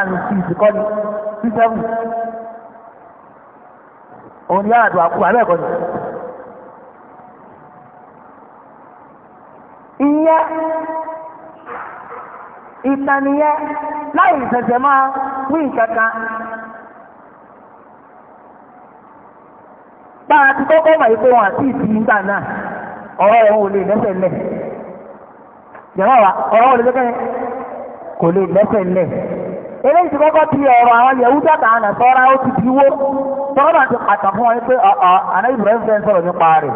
and òun ni àdùn àkú alẹ́kọ̀ọ́ ni. láì bá a ti kọ́kọ́ mọ̀ ìpé wọn àti ìsìn nígbà náà ọ̀rọ̀ rẹ̀ ò lè lẹ́sẹ̀ lẹ̀ jẹ̀mọ́ wa ọ̀rọ̀ lè lẹ́sẹ̀ kò lè lẹ́sẹ̀ lẹ̀ eléyìí ti kọ́kọ́ ti ọ̀rọ̀ àwọn yẹ̀wúdí àtàwọn àtọ́ra ó ti diwó tọ́lá náà ti pàtà wọn pé àná Ibrahim fẹ́ sọ̀rọ̀ nípa rẹ̀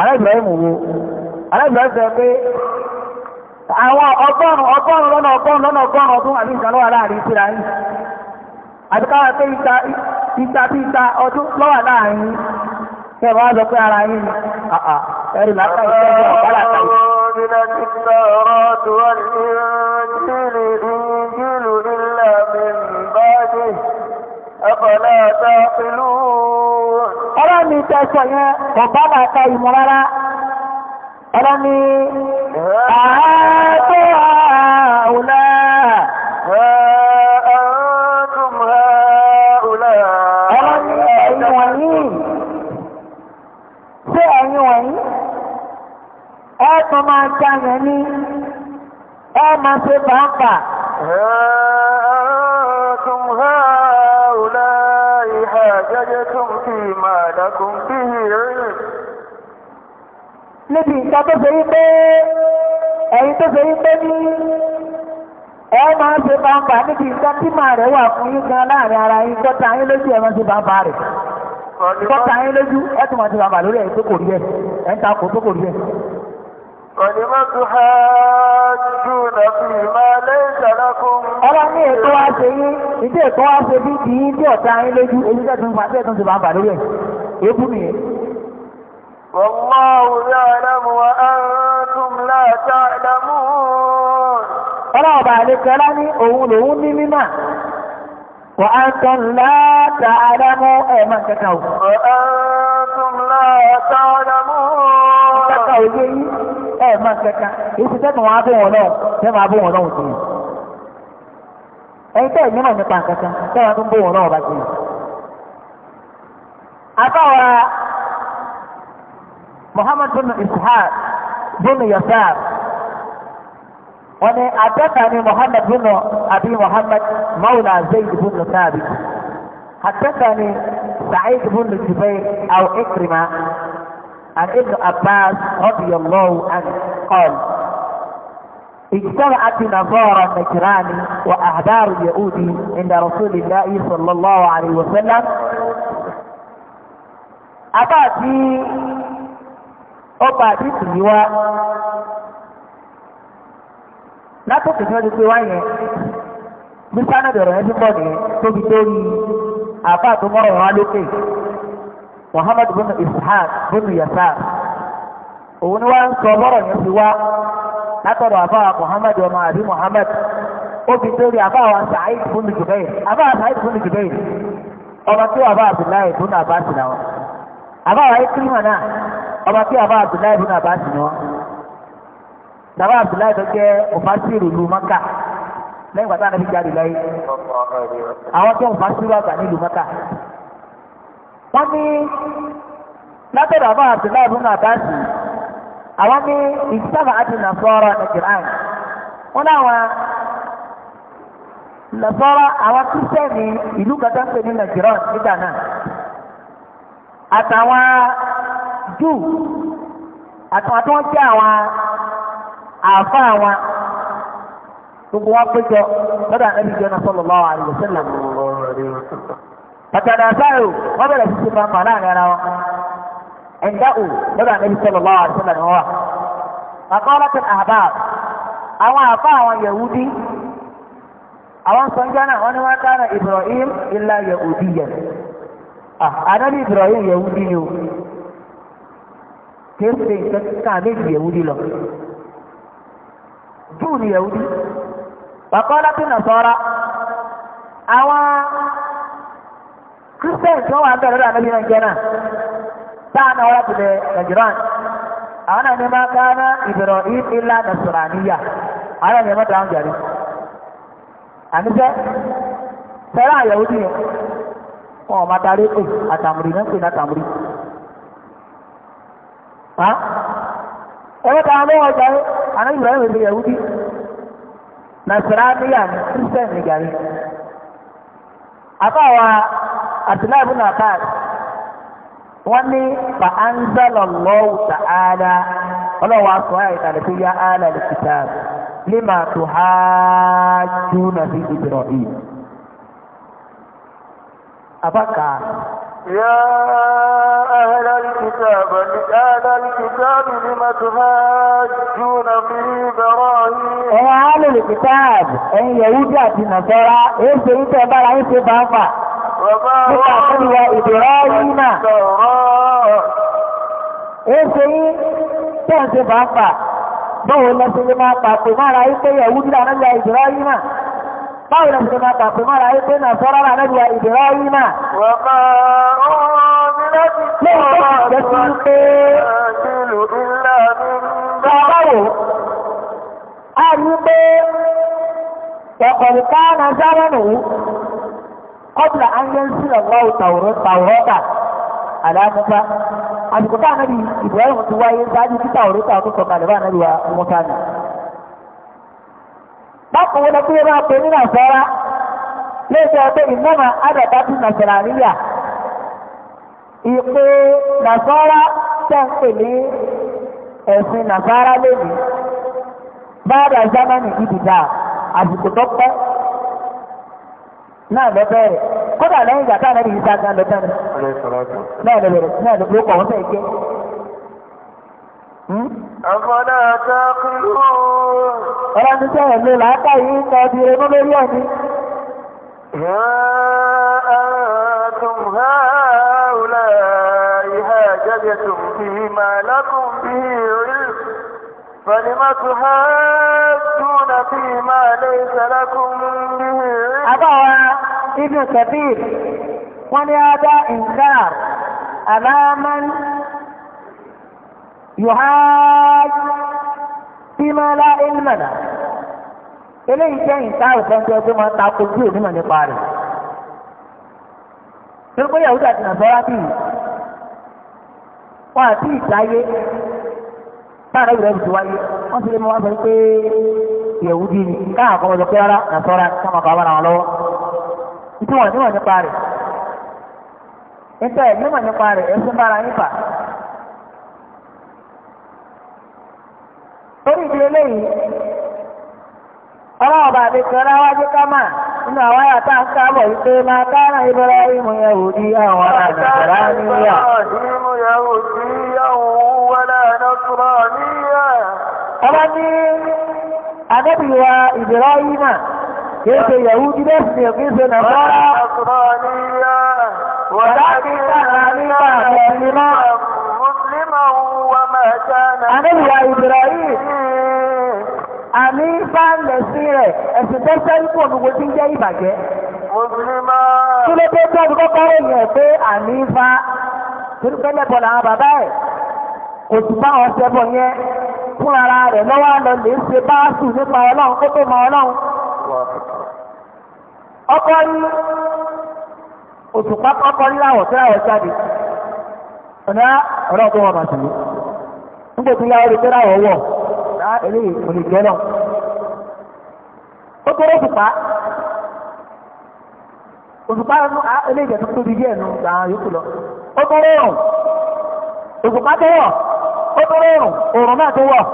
àná Ibrahim wo àná Ibrahim fẹ́ pé àwọn ọgọ́rùn ọgọ́rùn lọ́nà ọgọ́rùn lọ́nà ọgọ́rùn ọdún àbí láàrin yìí ṣe wá lọ pé ara yín ni ẹrù lápá ìṣẹ́jú ọ̀kálà kan. Ọlọ́run ní tẹ́sọ̀ yẹn kò bá bàtà ìmọ̀ rárá. Ọlọ́run ní àátọ́ àwùlá ká yẹn ní ẹ máa ṣe pàápàá. أنتم هؤلاء حاججتم فيما لكم به علم níbi ìta tó ṣe wípé ẹ̀yin tó ṣe wípé ní ẹ máa ṣe bàbà níbi ìta tí màá rẹ̀ wà fún yín gan láàrin ara yín kọ́ta yín lójú ẹ ṣe bàbà rẹ̀ kọ́ta yín lójú ẹ máa ṣe bàbà lórí ẹ̀yin tó kò rí ẹ̀ ẹ̀ ń ta tó kò rí ẹ̀. Ọ̀nìmọ́ tó ha jùlọ fi máa lẹ́sẹ̀ lọ́kùn. Ọlá ní ètò wa ṣe yí, ìdí ètò wa ṣe bí kì í bí ọ̀tá yín lójú, èyí tẹ̀ tún fàṣẹ tún ti máa bà lórí ẹ̀. Ebú nìyẹn. Wallahu ya'lamu wa antum ní òun lòun ní mímà. وأنتم لا تعلموا أي من تكوا وأنتم ẹ máa ń isi wọn á wọn náà ṣé máa bó wọn náà sí i tẹ́ ìyẹn nípa kankan ṣé wọn tó ń bó wọn náà bá sí Muhammad bin Ishaq bin Yasar wani حدثني محمد بن ابي محمد مولى زيد عن ابن عباس رضي الله عنه قال اجتمعت نصارى النجران واحبار اليهود عند رسول الله صلى الله عليه وسلم أباتي أباتي تيوا لا تكتشف تيوا يعني bí sánàdọ̀rọ̀ ẹ ti pọ̀ nìyẹn tóbi lórí àbá Muhammad bin Ishaq bin Yasar òun wá ń sọ bọ́rọ̀ yẹn fi wá látọ̀dọ̀ àbáwá Muhammad ọmọ àbí Muhammad ó fi dórí àbáwá Sa'id bin Jubair àbáwá Sa'id bin Jubair ọmọ tí wàá bá Abdullahi bin Abbas náà wọn àbáwá Ikrima náà ọmọ tí wàá bá Abdullahi náà sàbá Abdullahi tó jẹ́ lu Maka lẹ́yìn pàtàkì àti jáde láyé àwọn tó ń nílùú wọ́n ní látọ̀dọ̀ àbá àbdùlá ìbùn àbáàsì àwọn ní ìsáfà àti nàfọ́rọ̀ nàìjíríàn wọ́n láwọn nàfọ́rọ̀ àwọn kírísítẹ́nì ìlú na ní nàìjíríàn nígbà náà àtàwọn jù àtàwọn tí wọ́n jẹ́ àwọn àfa àwọn gbogbo wọn péjọ lọ́dọ̀ àdébíjọ náà na lọ́wọ́ àdébíjọ sẹ́lẹ̀. pàtàkì àṣàrò wọ́n bẹ̀rẹ̀ sí ti máa màlá àgàrà wọn ẹ̀ǹdá ò lọ́dọ̀ ànábi sọ̀rọ̀ lọ́wọ́ àṣẹlẹ̀ ni wọ́n wà. bàbá ọlọ́tẹ̀ àbá àwọn àbá àwọn yahudi àwọn sọ̀njá náà wọ́n ní wọ́n dára ibrahim ilá yahudi yẹn. ànábi ibrahim yahudi ni o kéèké ìtẹ́ká méjì yahudi lọ. júù ni yahudi bàbá ọlọ́tẹ̀ nàṣọ́ra àwọn. Christian tí wọ́n wà ń bẹ̀rẹ̀ lọ́dọ̀ ànábì náà jẹ́ náà táà náà wọ́n tilẹ̀ Nàìjíríàn àwọn náà ní máa ká ná ìbẹ̀rọ̀ ìlà nàṣọ̀rọ̀ àníyà àwọn náà ní ẹ̀mọ́ dáhùn jàre. àníṣẹ́ fẹ́rẹ́ àyẹ̀wò ti yẹn wọn ò máa darí pè àtàmùrì náà pè látàmùrì. ẹ̀rọ táwọn ló wọ́n jàre àná ìbẹ̀rẹ̀ ìbẹ̀rẹ̀ yẹ̀wò ti nàṣọ̀rọ̀ àníyà ní Christian ní abdullahi ibn abbas wọ́n ní fa anzalallahu ta'ala ọlọ́wọ́ aṣọ àìsàn tó yá àlà lè kíta lima tuhajjuna fi ibrahim. abaka. يا أهل الكتاب أهل الكتاب لم تهاجون في إبراهيم يا أهل الكتاب أن يهود أتي نصارى إيه سيدي أبارا إيه سيدي nípa àtúnwà ìbìrọ́rìmà èsè yín tẹ̀sí fàáfà báwo lẹ ti lè máa pàpè mára ipe yẹ̀wú dídá anábìyà ìbìrọ́rìmà báwo lẹ ti lè máa pàpè mára ipe nàṣọ́rọ́ anábìyà ìbìrọ́rìmà. wàkà ọ̀hún ní láti tẹ́ ọ̀rọ̀ àdúrà ní ìlú ńlá ní ńlá. báwo a ní pé ọ̀kọ̀ọ̀kan náà sáwọn òun kọ́bùlà ángẹ́sì ọ̀gbọ́n tàwùrọ̀ tàwùrọ̀tà àlàáfíà àsìkò tá ànábì Ibrahim ti wáyé sáájú tí tàwùrọ̀ tà tó sọ̀kà lẹ́bàá ànábì wa mọ́tà ni. bákan wọn lọ́kùnrin máa pè ní nàṣọ́ra léṣe ọ̀tọ̀ ìnáma àdàbà tún nàṣọ́ra níyà ìpè nàṣọ́ra tẹ̀ ń pè ní ẹ̀sìn nàṣọ́ra lónìí bá àdà zámánì ìdìdà àsìkò tó pẹ́ náà lọ bẹ̀rẹ̀ kódà lẹ́yìn ìgbà táwọn ẹbí yìí sá gan lọ bẹ̀rẹ̀ náà lọ bẹ̀rẹ̀ náà lọ kọ̀ wọ́n fẹ́ jẹ́. àfọ̀dá àtàkùnrin. ọlọ́run ti sẹ́yìn ló làákà yìí لكم به علم فلم تقولون فيما ليس لكم به أبوى ابن كثير ولهذا إنكار أماما يهاج بما لا علم له eléyìí jẹ́ ìtaàrù fẹ́ńtẹ́ ọdún máa ta ojú òní nípa rẹ̀ torí pé yahoo àti nàbọ́rá bíi wọn àti ìtayé táàrà ìrẹ́ bìtì wáyé wọ́n ti lè mọ wá sọ pé ìyẹ̀wù dì ní káà kọ́ ọjọ́ pé rárá káwọn kọ́ abára lọ́wọ́ ìtú wọn nípa rẹ̀ nípa rẹ̀ ẹ̀sìn bára nípa. torí ìdílé lẹ́yìn ọlọ́wọ́ bá mi wájú ká mà nínú àwọn àyà tá wípé máa àwọn ولا نصرانيا ọba ní anábìyà ìbìráyìmà kìí ṣe yahudi bẹ́ẹ̀ sì ni kìí ṣe nàfọ́rá anábìyà ìbìráyìmà àmì fáńlẹ̀ sí rẹ̀ ẹ̀sìn tó sẹ́yìn kò nùgbò tí ń jẹ́ ìbàjẹ́ kí ló dé tó ọdún kọ́kọ́ rẹ̀ yẹn pé àmì fa torí pẹ́lẹ́bọ̀ làwọn bàbá ẹ̀ òtù báwọn ṣe bọ̀ yẹn fún ara rẹ̀ lọ́wọ́ àlọ́ lè ṣe báàsù nípa ọlọ́run kó tó mọ ọlọ́run. ọkọ ní òtù ọkọ láwọ̀ tí láwọ̀ jáde ọ̀nà ọ̀rọ̀ tó wọ̀ nígbà tí láwọ̀ láwọ̀ wọ̀ eléyìí kò jẹ́ náà. ó kéré òtùpá òtùpá eléyìí tó tóbi díẹ̀ nù ó tó rọrùn òrùn náà tó wọ̀ ó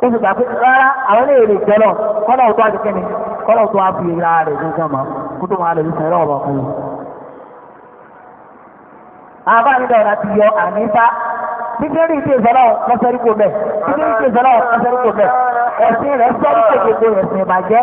sì gbà pé rárá àwọn ilé ìrè jẹ́ lọ kọ́lá òtó àti kíni kọ́lá òtó àfi ìlà rẹ̀ ní sọ́mọ kó tó máa lè ní sẹ́rọ̀ ọ̀bọ̀ fún yìí. àbá nígbà ọ̀nà ti yọ ànífá bíbélì ìdí ìsọ̀lọ́ lọ́sẹ̀ríkò bẹ́ẹ̀ bíbélì ìdí ìsọ̀lọ́ lọ́sẹ̀ríkò bẹ́ẹ̀ ẹ̀sìn rẹ̀ sẹ́ríkò gbogbo ẹ̀sìn ìbàjẹ́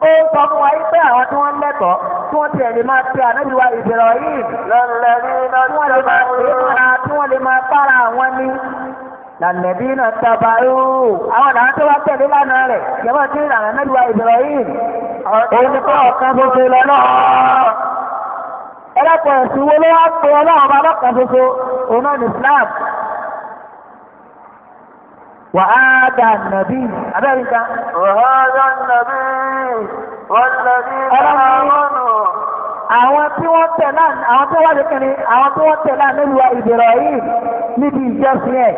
ó sọ fún wa pé àwọn tí wọ́n lẹ́tọ̀ọ́ tí wọ́n ti ẹ̀lẹ́ máa tẹ ànábìwá ìbẹ̀rọ̀ yìí tí wọ́n lè máa bára àwọn ní lànàbí náà tabarú àwọn làwọn tó wá tẹ̀lé lánàá rẹ̀ yẹ́wọ́ tí ìlànà ànábìwá ìbẹ̀rọ̀ yìí òun ni kó ọ̀kan ṣoṣo lọ náà ẹlẹ́pọ̀ ẹ̀sìn wo ló wá pé ọlọ́run bá lọ́kàn ṣoṣo òun náà ní Islam وهذا النبي أبيك وهذا النبي والذين آمنوا àwọn tí wọ́n tẹ̀lá àwọn tó wà lókèrè àwọn tó wọ́n tẹ̀lá nílùú Ibrahim níbi ìjọsìn ẹ̀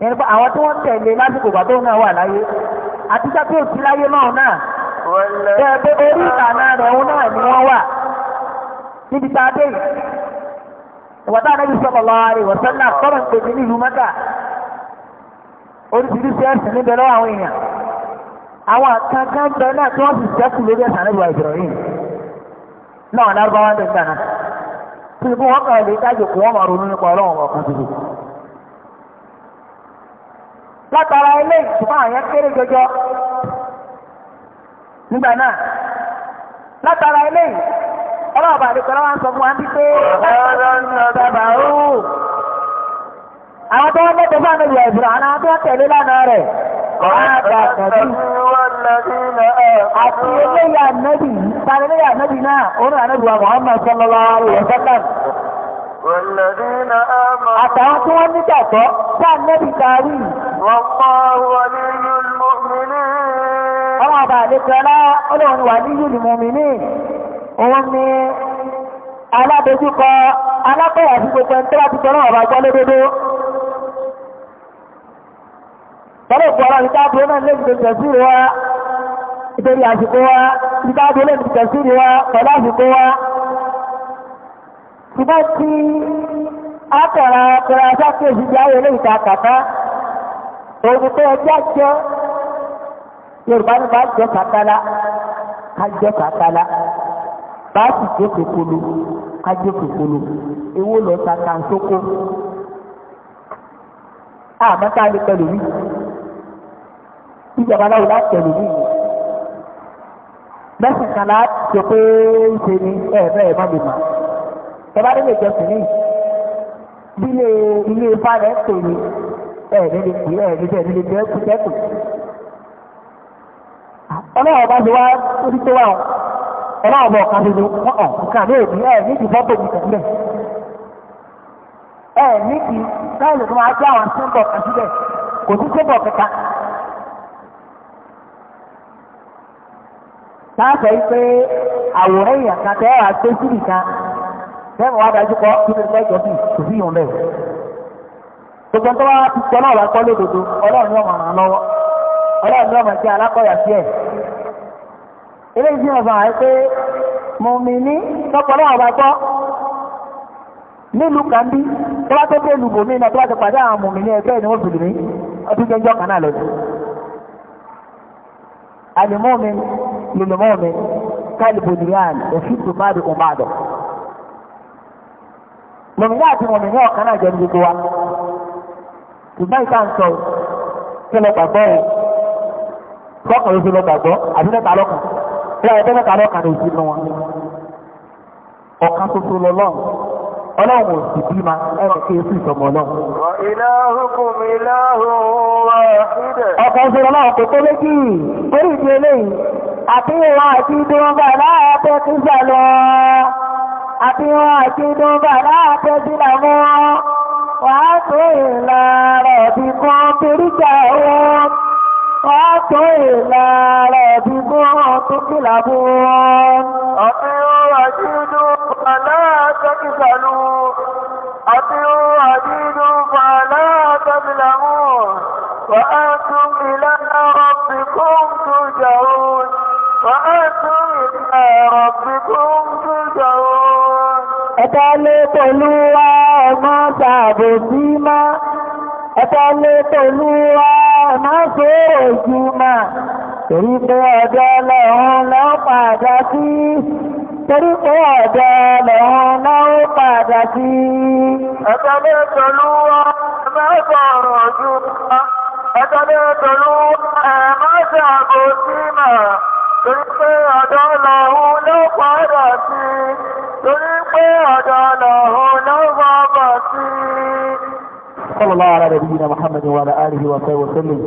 yẹn pé àwọn tí wọ́n tẹ̀lé lásìkò ìgbà tó náà wà láyé àti iṣẹ́ tó láyé náà náà bẹ́ẹ̀ pé orí ìlànà rẹ̀ òun náà ni wọ́n wà níbi tá a náà ní ìlú oríṣiríṣi ẹ̀sìn níbẹ̀ lọ́wọ́ àwọn èèyàn àwọn àkànkàn bẹ náà tí wọ́n sì sẹ́kù lórí ẹ̀sìn àníbọ̀ Ibrahim náà wọn lárúbáwá ń dẹ̀gbà náà tí ibi wọn kàn lè dájò kó wọn máa ronú nípa ọlọ́wọ́n ọ̀kan tuntun. látara ilé ìtumọ̀ àyẹn kéré jọjọ nígbà náà látara ilé ọlọ́ọ̀bà àdìgbọ́n wọn sọ fún wa ń bí pé. ọ̀gá ọ̀gá àwọn tó wọ́n mẹ́tọ́ fáwọn ìwà ìbúra àwọn tó wọ́n tẹ̀lé lánàá rẹ̀ àti eléyà nẹ́bì tàbí eléyà nẹ́bì náà òun ànẹ́bì wa Muhammad sallallahu alaihi wa sallam àtàwọn tí wọ́n nígbàgbọ́ tá nẹ́bì tarí ọmọ ọba àlekọ́lá olóhùn wà ní yìí mùmínì òun ni alábòjúkọ alábẹ̀yà sí gbogbo ẹni tó bá ti tọ́lọ́ ọ̀rọ̀ àjọ lódodo tọ́lọ̀ pọ̀ ọ̀rọ̀ ìtàbí náà lẹ́yìn tó tẹ̀sí wa ìtẹ̀rí àsìkò wa ìtàbí lẹ́yìn tó tẹ̀sí wa pẹ̀lú àsìkò wa ṣùgbọ́n tí a tọ̀ra tọ̀ra sákèjì bí ayé lẹ́yìn tá a kàtá òun tó ẹjẹ́ jẹ́ Yorùbá ní bá jẹ́ kàtàlá ká jẹ́ bá sì jẹ́ kòkòlò ká kòkòlò ewu lọ sàkàǹsókò àmọ́ta ni pẹ̀lú yìí sí babaláwo láti ẹ̀lú ní ìlú mẹ́sìn kan láti ṣe pé ṣe ni ẹ̀ẹ̀mẹ́ ẹ̀mọ́ lè mà tọ́ba nílé ìjọsìn ní ilé ilé ifá rẹ̀ pè ní ẹ̀ẹ̀mí lè pè ẹ̀ẹ̀mí bẹ́ẹ̀ nílé dẹ́kù dẹ́kù ọlọ́wọ́ bá ti wá orí tó wà ọlọ́wọ́ bọ̀ kan tuntun wọ́n ọ̀ nǹkan ní èmi ẹ̀ẹ̀mí ti fọ́tò mi tẹ̀lé ẹ̀ẹ̀mí ti sáyẹ̀lì tó máa jẹ́ àwọn sẹ́ńbọ̀ kan kò sí sẹ́ńbọ̀ kẹta sáàsọ yìí pé àwòrán èèyàn kan tẹ́ wàá wá dájú kọ́ kí ló lẹ́jọ́ kò sí gbogbo ń ti tọ́ náà wá kọ́ lódodo ọlọ́run ní ọmọ ràn lọ́wọ́ ọlọ́run ní ọmọ jẹ́ alákọ̀yà sí ẹ̀. eléyìí fi hàn fàáyé pé mùmíní tọ́pọ̀ náà wá gbọ́ nílùú kan bí tó bá tó dé lùbò mí náà tó bá ti pàdé àwọn ẹgbẹ́ mí ọdún jẹ́jọ́ kan للمؤمن كالبنيان يشد بعضه بعضه lọ́mìnira àti mọ̀mìnira ọ̀kan náà jẹ́ ní gbogbo wa ṣùgbọ́n ìta ń sọ kí lọ gbàgbọ́ o fọ́kàn lóṣù lọ gbàgbọ́ àbí mẹ́ta lọ́kàn ìyá ẹgbẹ́ mẹ́ta lọ́kàn ní òsì nù wọn ọ̀kan ṣoṣo lọ lọ́run ọlọ́run ò sì bí ma ẹnì náà. kò tó méjì torí ìdí eléyìí. àti ìwọ̀n àti ìdúnbà láàpẹ́ tí sàlọ́ àti ìwọ̀n àti ìdúnbà láàpẹ́ tí làmọ́ wàá tó ìlàrọ̀ bí kan torí jà wọn wàá tó ìlàrọ̀ bí kan tó kí làbú wọn. Ẹ̀ta lé pẹ̀lú wá ọmọ tààbò sí máa. Ẹ̀ta lé pẹ̀lú wá ọmọ sóòrò sí máa. Torí pé ọjọ́ lẹ́hun lọ́ padà sí. Torí pé ọjọ́ lẹ́hun lọ́ padà sí. Ẹ̀ta lé pẹ̀lú wá ọmọ sóòrò sí máa torí pé ọ̀dọ̀ lọ́hùn ló sí torí pé ọ̀dọ̀ lọ́hùn ló bàbà sí. صلى الله على نبينا محمد وعلى اله وصحبه وسلم